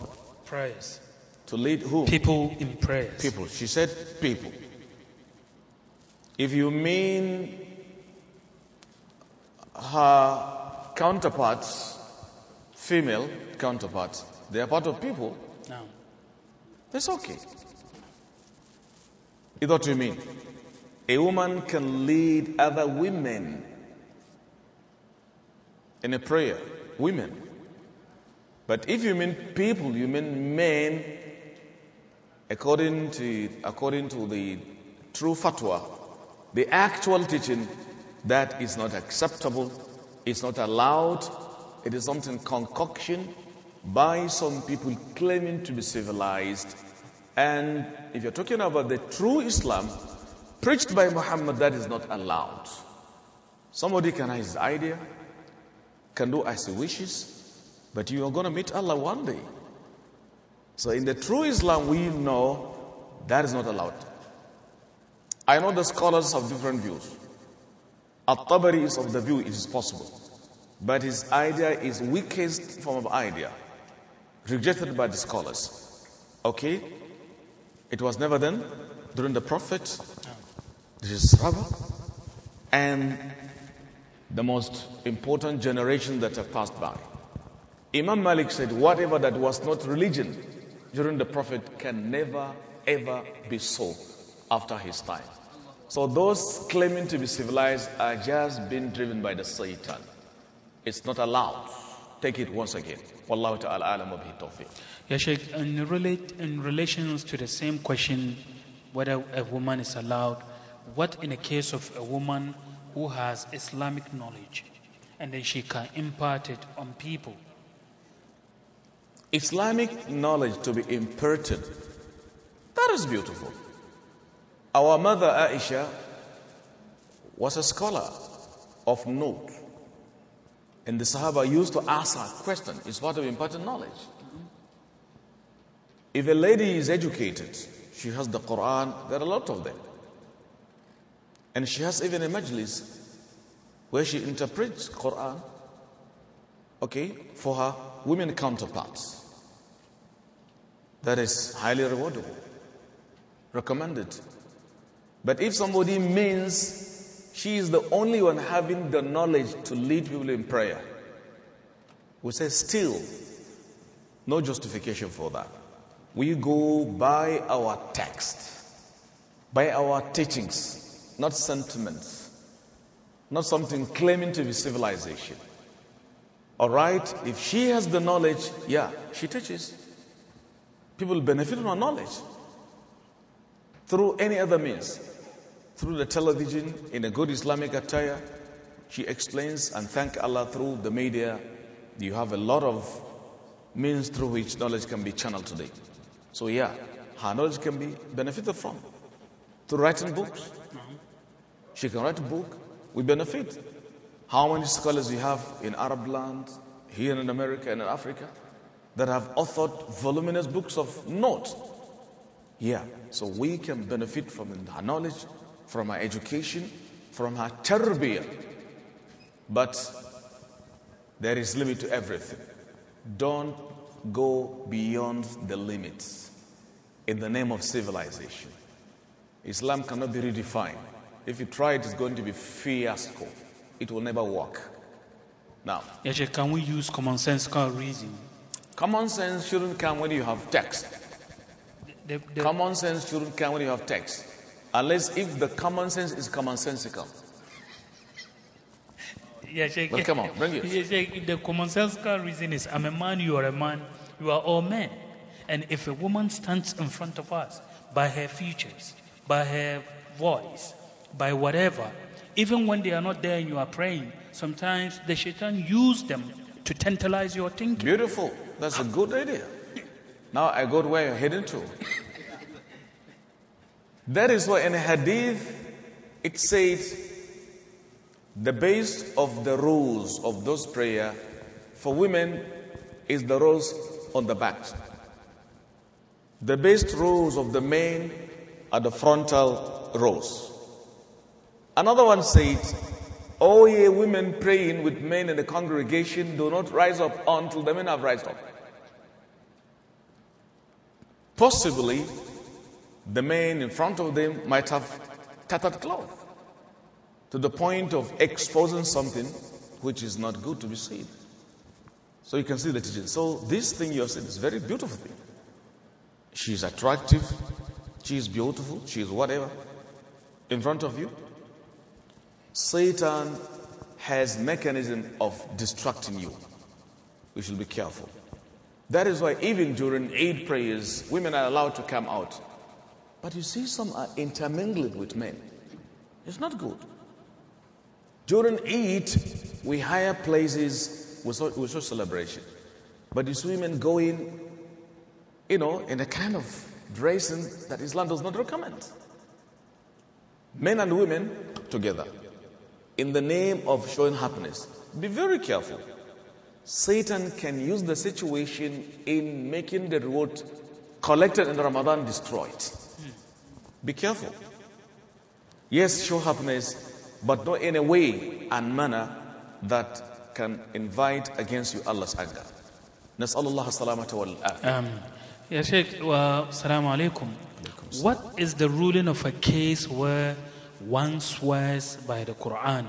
Prayers. To lead who? People in prayer. People. She said people. If you mean her counterparts, female counterparts, they are part of people. No. That's okay. Is what you mean? A woman can lead other women in a prayer. Women. But if you mean people, you mean men according to, according to the true fatwa, the actual teaching, that is not acceptable, is not allowed, it is something concoction by some people claiming to be civilized. And if you're talking about the true Islam preached by Muhammad, that is not allowed. Somebody can have his idea, can do as he wishes, but you are going to meet Allah one day. So in the true Islam, we know that is not allowed. I know the scholars have different views. At-Tabari is of the view it is possible. But his idea is weakest form of idea, rejected by the scholars. Okay? It was never done during the Prophet, this is Rabbah, and the most important generation that have passed by. Imam Malik said, whatever that was not religion, during the Prophet can never ever be so after his time. So those claiming to be civilized are just being driven by the Satan. It's not allowed. Take it once again. Wallahu ta'ala alam wa bihi Ya Sheikh, in, relate, in relation to the same question, whether a woman is allowed, what in the case of a woman who has Islamic knowledge and then she can impart it on people? Islamic knowledge to be imparted. That is beautiful. Our mother Aisha was a scholar of note. And the Sahaba used to ask her question. It's part of important knowledge. If a lady is educated, she has the Quran, there are a lot of them. And she has even a majlis where she interprets Quran, okay, for her women counterparts. That is highly rewardable, recommended. But if somebody means she is the only one having the knowledge to lead people in prayer, we say still, no justification for that. We go by our text, by our teachings, not sentiments, not something claiming to be civilization. All right, if she has the knowledge, yeah, she teaches. People benefit from her knowledge through any other means. Through the television, in a good Islamic attire, she explains and thank Allah through the media. You have a lot of means through which knowledge can be channeled today. So yeah, her knowledge can be benefited from. Through writing books, she can write a book, we benefit. How many scholars we have in Arab land, here in America and in Africa, that have authored voluminous books of note. Yeah, so we can benefit from her knowledge, from her education, from her tarbiyah. But there is limit to everything. Don't go beyond the limits in the name of civilization. Islam cannot be redefined. If you try it, it's going to be fiasco it will never work. Now, can we use common sense car reason? Common sense shouldn't come when you have text. The, the, common sense shouldn't come when you have text. Unless if the common sense is commonsensical. Yeah, Sheikh. But come on, bring it. Yeah, the common sense reason is I'm a man, you are a man, you are all men. And if a woman stands in front of us by her features, by her voice, by whatever, even when they are not there and you are praying, sometimes the shaitan use them to tantalize your thinking. Beautiful. That's a good idea. Now I got where you're heading to. that is why in hadith it says the base of the rules of those prayer for women is the rows on the back. The best rows of the men are the frontal rows. Another one says, Oh, ye women praying with men in the congregation, do not rise up until the men have risen up. Possibly, the men in front of them might have tattered cloth to the point of exposing something which is not good to be seen. So you can see the teaching. So this thing you have said is very beautiful thing. She is attractive, she is beautiful, she is whatever in front of you. Satan has mechanism of distracting you. We should be careful. That is why even during Eid prayers, women are allowed to come out. But you see, some are intermingled with men. It's not good. During Eid, we hire places with, with celebration. But these women go in, you know, in a kind of dressing that Islam does not recommend. Men and women together in the name of showing happiness. Be very careful. Satan can use the situation in making the reward collected in Ramadan destroyed. Be careful. Yes, show happiness, but not in a way and manner that can invite against you Allah's anger. نسأل الله السلامة والعافية. آمين. يا شيخ والسلام عليكم. What is the ruling of a case where one swears by the Quran,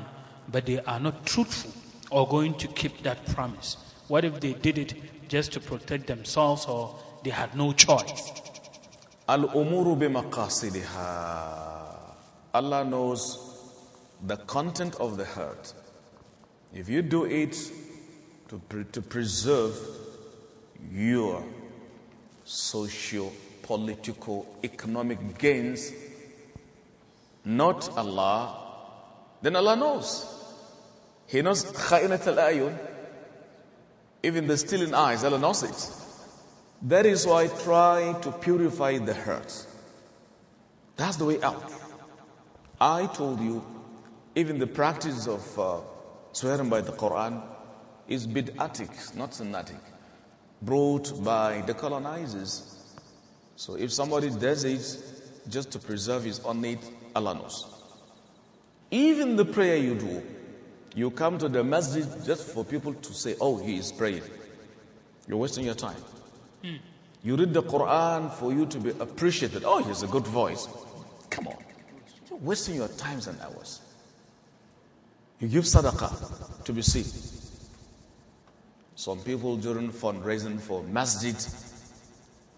but they are not truthful or going to keep that promise? What if they did it just to protect themselves or they had no choice? Al-umuru bimaqasidiha. Allah knows the content of the heart. If you do it to, pre to preserve your socio political economic gains, not Allah, then Allah knows. He knows Even the stealing eyes, Allah knows it. That is why I try to purify the heart. That's the way out. I told you, even the practice of uh, swearing by the Quran is bid'atic, not sunnatic, brought by the colonizers. So if somebody does it just to preserve his own need, Allah knows. Even the prayer you do, you come to the masjid just for people to say, oh, he is praying. You're wasting your time. Mm. You read the Quran for you to be appreciated. Oh, he has a good voice. Come on. You're wasting your times and hours. You give sadaqah to be seen. Some people during fundraising for masjid,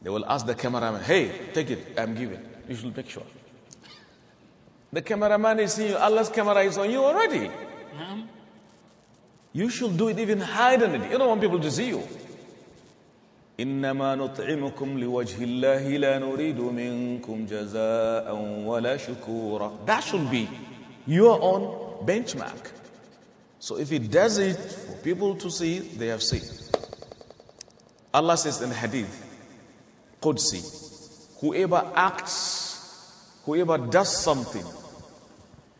they will ask the cameraman, hey, take it, I'm giving. You should make sure. The cameraman is seeing you. Allah's camera is on you already. You should do it even hiding it. You don't want people to see you. إنما نطعمكم لوجه الله لا نريد منكم جزاء ولا شكورا That should be your own benchmark. So if he does it for people to see, they have seen. Allah says in Hadith, Qudsi, whoever acts, whoever does something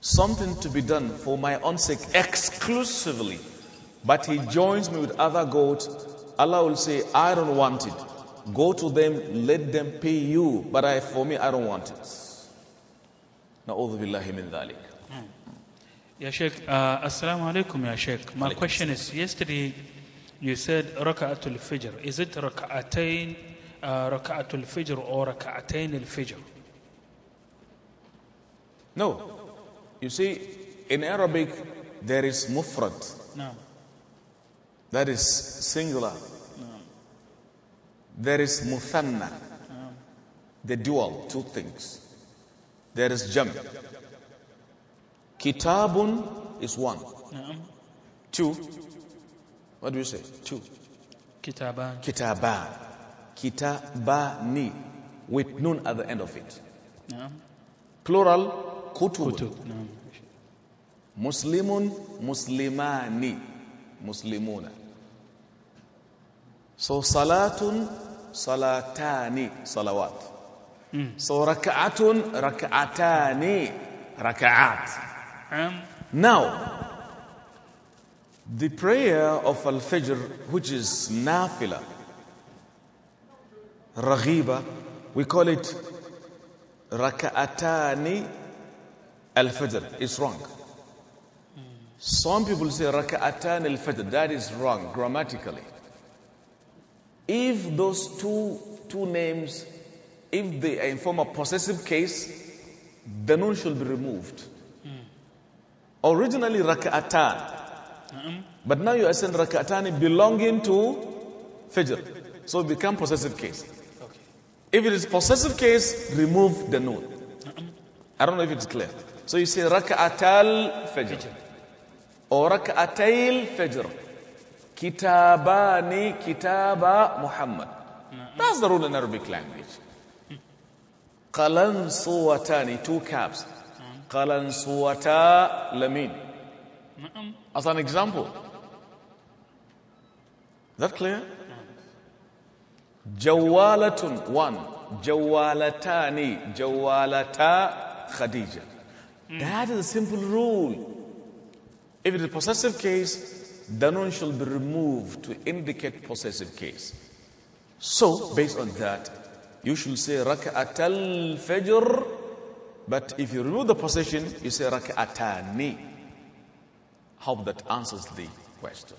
something to be done for my own sake exclusively, but he joins me with other goats, Allah will say, I don't want it. Go to them, let them pay you, but I, for me, I don't want it. Na'udhu billahi min dhalik. Hmm. Ya Sheikh, uh, Assalamu alaikum, Ya Sheikh. My question is yesterday you said Raka'atul Fijr. Is it Raka'atain, uh, Raka'atul Fijr or Raka'atain al Fijr? no. You see, in Arabic, there is mufrad. No. That is singular. No. There is muthanna. No. The dual, two things. There is jam. Kitabun is one. No. Two. What do you say? Two. Kitaban. Kitaban. Kitabani. With nun at the end of it. No. Plural كتب, كتب. نعم. مسلم مسلمان مسلمون so صلاة صلاتان صلوات سو so ركعة ركعتان ركعات um. now the prayer of al-fajr which is nafila raghiba we call it ركعتان Al-Fajr is wrong. Some people say Raka'atan al-Fajr. That is wrong grammatically. If those two, two names, if they are in form of possessive case, the noun should be removed. Originally Raka'atan. But now you are saying Raka'atan belonging to Fajr. So it becomes possessive case. If it is possessive case, remove the noun. I don't know if it's clear. So you say rak'atal fajr or Raka'atayl fajr. Kitabani kitaba Muhammad. That's the rule in Arabic language. suwatani, two caps suwata lamin. as an example that clear جوالة one جوالتان جوالتا خديجة Mm. That is a simple rule. If it is a possessive case, the noun shall be removed to indicate possessive case. So, based on that, you should say al fajr, but if you remove the possession, you say raka'atani. Hope that answers the question.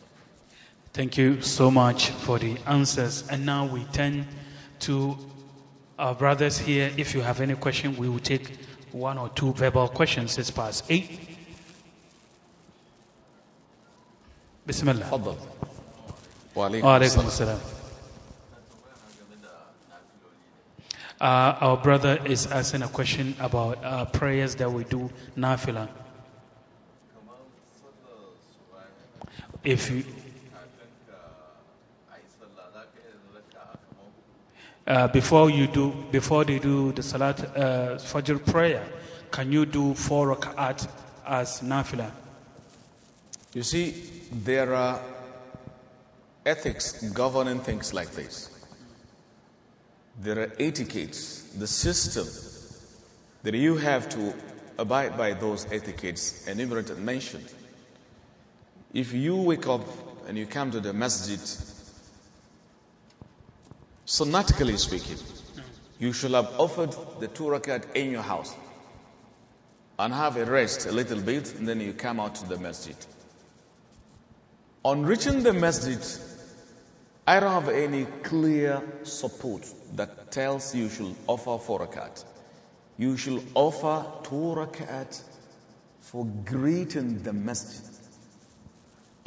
Thank you so much for the answers. And now we turn to our brothers here. If you have any question, we will take one or two verbal questions since past eight. Bismillah. uh, our brother is asking a question about uh, prayers that we do nafila if you Uh, before you do before they do the salat uh, fajr prayer can you do four rak'at as nafila you see there are ethics governing things like this there are etiquettes the system that you have to abide by those etiquettes enumerated and mentioned if you wake up and you come to the masjid sunnatically speaking, you should have offered the two rakat in your house and have a rest a little bit, and then you come out to the masjid. On reaching the masjid, I don't have any clear support that tells you should offer four rakat. You should offer two rakat for greeting the masjid.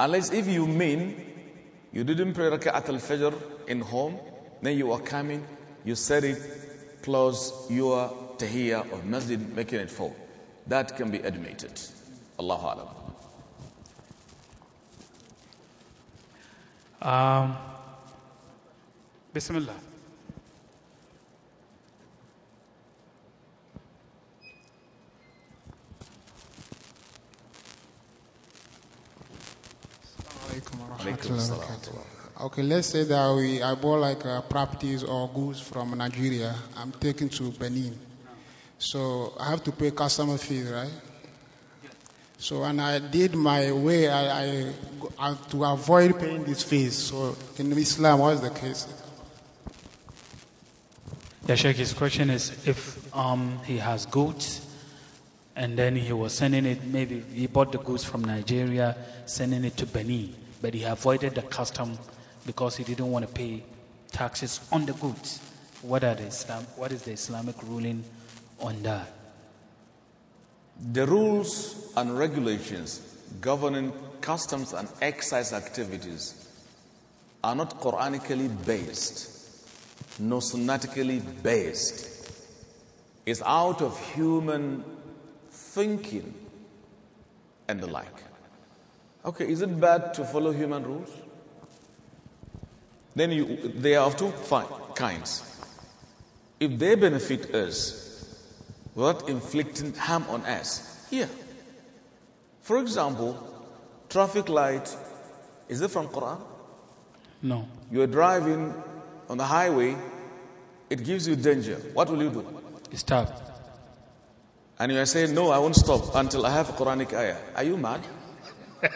Unless if you mean you didn't pray rakat al-fajr in home, then you are coming, you said it, close your tahiya of masjid, making it full. That can be admitted. Allahu Alam. Um, Bismillah. Okay, let's say that we, I bought like uh, properties or goods from Nigeria. I'm taken to Benin. So I have to pay customer fees, right? So, and I did my way I, I, I to avoid paying these fees. So in Islam, what is the case? Yeah, Sheikh, his question is if um, he has goods and then he was sending it, maybe he bought the goods from Nigeria, sending it to Benin, but he avoided the custom because he didn't want to pay taxes on the goods. What, are the Islam, what is the Islamic ruling on that? The rules and regulations governing customs and excise activities are not Quranically based, no sunnatically based. It's out of human thinking and the like. Okay, is it bad to follow human rules? then you, they are of two kinds. If they benefit us without inflicting harm on us, here. For example, traffic light, is it from Quran? No. You are driving on the highway, it gives you danger. What will you do? Stop. And you are saying, no, I won't stop until I have a Quranic ayah. Are you mad?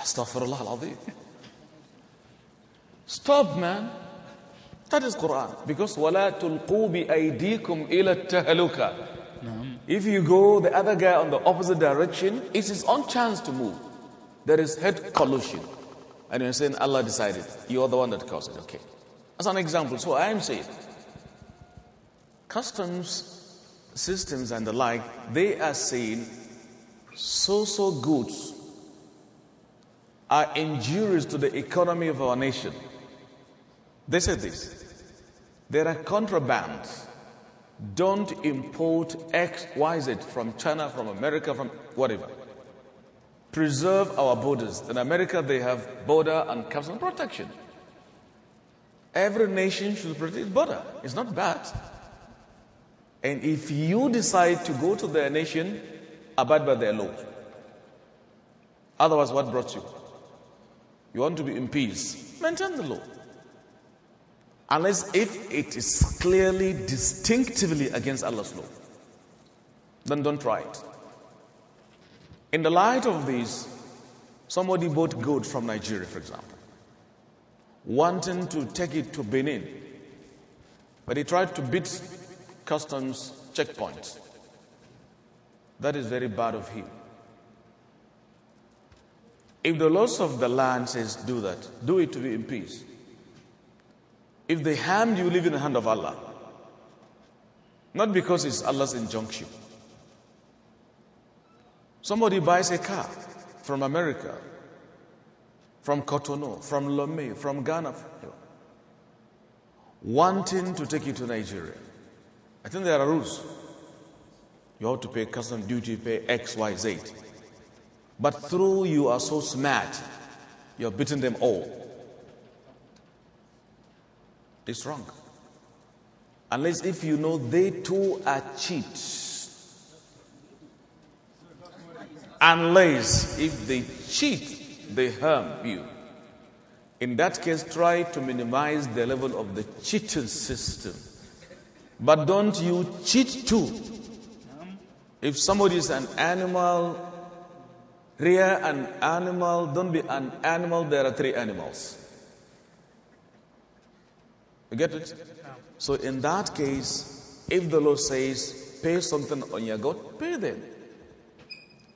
Astaghfirullah al Stop, man. That is Quran. Because وَلَا تُلْقُوا بِأَيْدِيكُمْ إِلَى التَّهَلُكَ no. If you go the other guy on the opposite direction, it's his own chance to move. There is head collusion. And you're saying Allah decided. You're the one that caused it. Okay. As an example, so I am saying customs systems and the like, they are saying so so goods are injurious to the economy of our nation. They said this there are contrabands. Don't import X, Y, Z from China, from America, from whatever. Preserve our borders. In America, they have border and customs protection. Every nation should protect its border. It's not bad. And if you decide to go to their nation, abide by their law. Otherwise, what brought you? You want to be in peace? Maintain the law unless if it is clearly, distinctively against Allah's law. Then don't try it. In the light of this, somebody bought gold from Nigeria, for example, wanting to take it to Benin, but he tried to beat customs checkpoints. That is very bad of him. If the laws of the land says do that, do it to be in peace. If they hand, you, live in the hand of Allah. Not because it's Allah's injunction. Somebody buys a car from America, from Cotonou, from Lomé, from Ghana, wanting to take you to Nigeria. I think there are rules. You have to pay custom duty, pay X, Y, Z. But through you are so smart, you have beaten them all. It's wrong. Unless if you know they too are cheats. Unless if they cheat, they harm you. In that case, try to minimize the level of the cheating system. But don't you cheat too. If somebody is an animal, rear an animal, don't be an animal, there are three animals. You get it? So in that case, if the law says pay something on your God, pay then.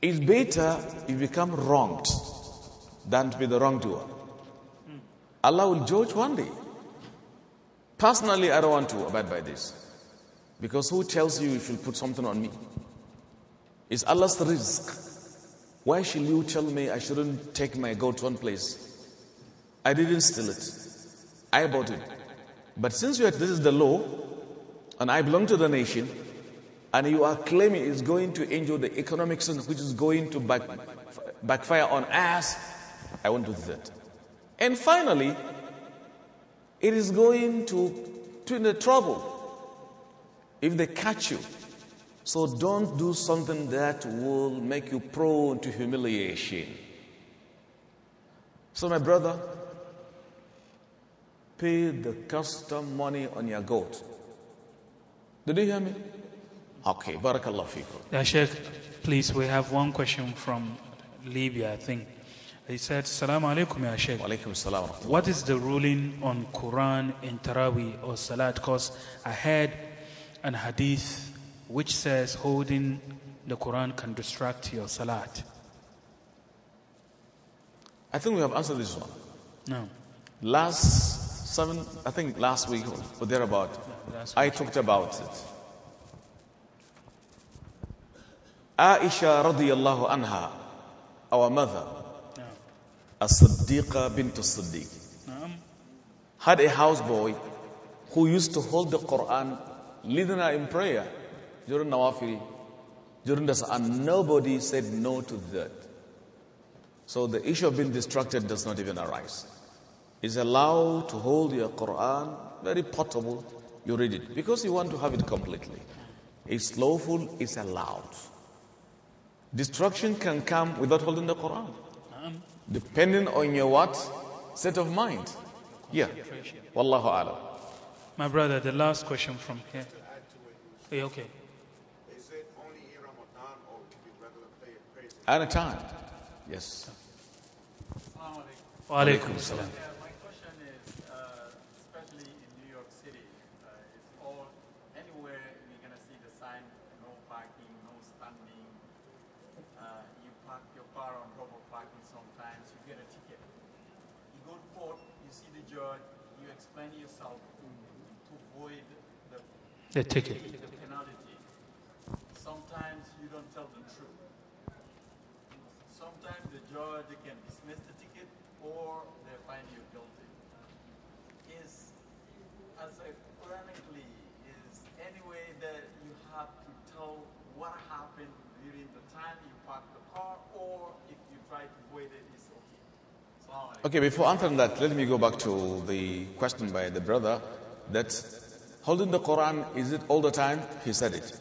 It's better you become wronged than to be the wrongdoer. Allah will judge one day. Personally, I don't want to abide by this. Because who tells you you should put something on me? It's Allah's risk. Why should you tell me I shouldn't take my goat one place? I didn't steal it. I bought it. But since are, this is the law, and I belong to the nation, and you are claiming it's going to injure the economic system, which is going to back, backfire on us, I won't do that. And finally, it is going to, turn the trouble if they catch you. So don't do something that will make you prone to humiliation. So, my brother, pay the custom money on your goat. Did you hear me? Okay, barakallah fikum. Yeah, Sheikh, please, we have one question from Libya, I think. He said, Salaam alaikum, Ya Sheikh. salam. What is the ruling on Quran in Taraweeh or Salat? Because I heard an hadith which says holding the Quran can distract your Salat. I think we have answered this one. No. Last seven, I think last week or thereabout, I talked about it. Aisha radiallahu anha, our mother, a siddiqa bint Siddiq, had a houseboy who used to hold the Quran, leading her in prayer during Nawafiri, during the and nobody said no to that. So the issue of being distracted does not even arise is allowed to hold your Quran very portable, you read it because you want to have it completely. It's lawful, it's allowed. Destruction can come without holding the Quran, depending on your what set of mind. Yeah, wallahu alam. My brother, the last question from here. Hey, okay. At a time, yes. Wa alaikum salam. The ticket. Sometimes you don't tell the truth. Sometimes the judge can dismiss the ticket or they find you guilty. Is as I chronically is any way that you have to tell what happened during the time you parked the car or if you try to wait it is okay. Okay, before answering that, let me go back to the question by the brother that Holding the Quran, is it all the time? He said it.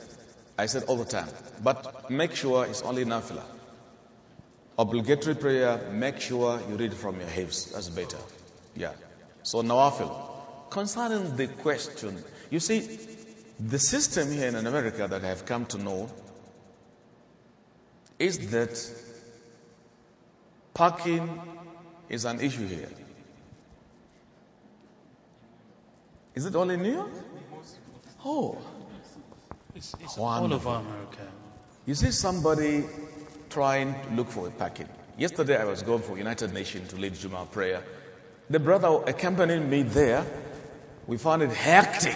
I said all the time. But make sure it's only nafila. Obligatory prayer, make sure you read from your hips. That's better. Yeah. So nawafil. Concerning the question, you see, the system here in America that I have come to know is that parking is an issue here. Is it only New York? Oh. It's, it's all of America. You see somebody trying to look for a packet. Yesterday I was going for United Nations to lead Juma prayer. The brother accompanied me there. We found it hectic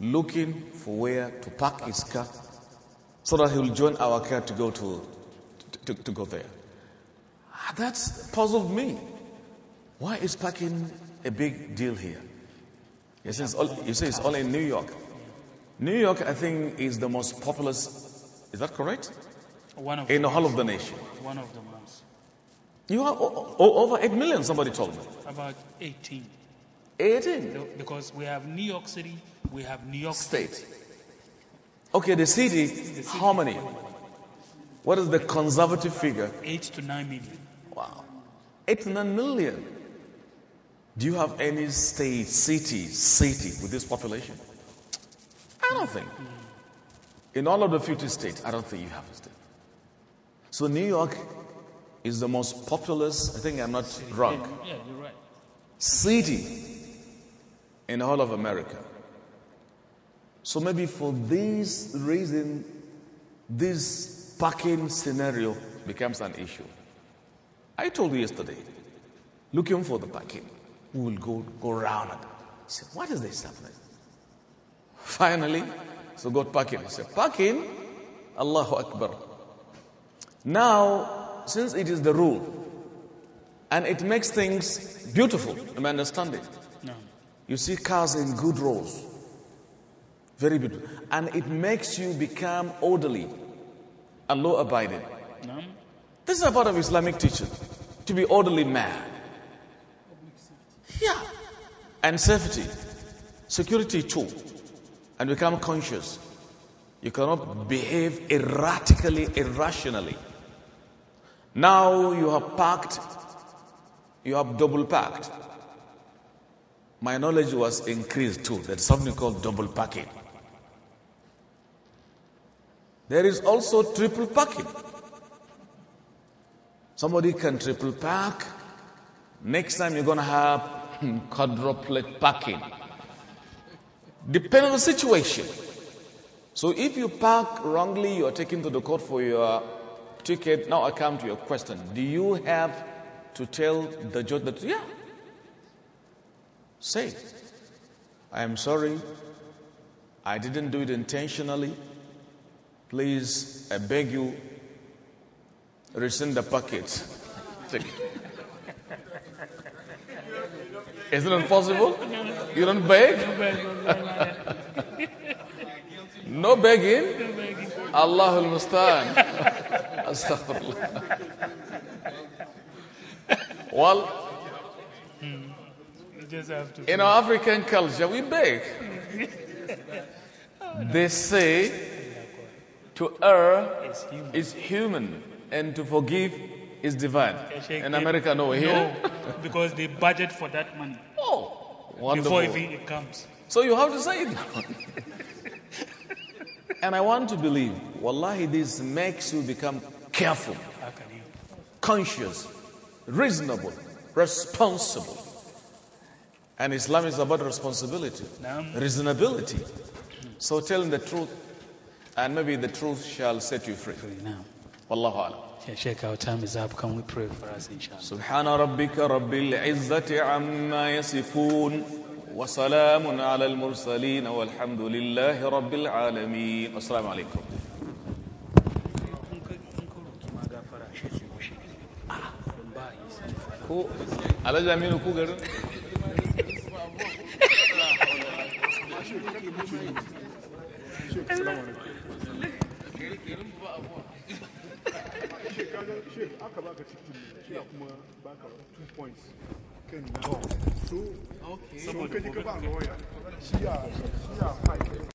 looking for where to park his car so that he will join our car to go to, to, to go there. Ah, that's puzzled me. Why is parking a big deal here? You see, it's all, you say it's only in New York. New York, I think, is the most populous. Is that correct? One of in the, the whole of the nation. One of the most. You are o- o- over 8 million, somebody told me. About 18. 18? Because we have New York City, we have New York State. State. Okay, the city, the city, how many? What is the conservative figure? 8 to 9 million. Wow. 8 to 9 million. Do you have any state, city, city with this population? I don't think. In all of the 50 states, I don't think you have a state. So New York is the most populous, I think I'm not wrong. Yeah, you're right. City in all of America. So maybe for this reason, this parking scenario becomes an issue. I told you yesterday, looking for the parking we will go, go round. He said, What is this happening? Finally, so got packing. He said, Packing? Allahu Akbar. Now, since it is the rule, and it makes things beautiful, am I understanding? No. You see cars in good rows. Very beautiful. And it makes you become orderly and law abiding. No. This is a part of Islamic teaching to be orderly man. Yeah. And safety, security too. And become conscious. You cannot behave erratically, irrationally. Now you have packed, you have double packed. My knowledge was increased too. There's something called double packing. There is also triple packing. Somebody can triple pack. Next time you're going to have quadruplet parking. Depending on the situation. So if you park wrongly, you are taken to the court for your ticket. Now I come to your question. Do you have to tell the judge that, yeah, say, I am sorry, I didn't do it intentionally. Please, I beg you, rescind the packet. Is it impossible? You don't beg? no begging? Allah al Mustan. Astaghfirullah. Well, in our African culture, we beg. they say to err is human and to forgive is divine. In America, no. Here? No, because they budget for that money. Oh, wonderful. Before it comes. So you have to say it and I want to believe, wallahi, this makes you become careful, conscious, reasonable, responsible. And Islam is about responsibility, reasonability. So telling the truth, and maybe the truth shall set you free. Wallahu alam. Yeah, Sheikh, our time is up. Can we pray for us, inshallah? Subhana rabbika rabbil izzati amma ku Assalamu alaikum. shek aka baka cikin ne kuma baka two points kan so so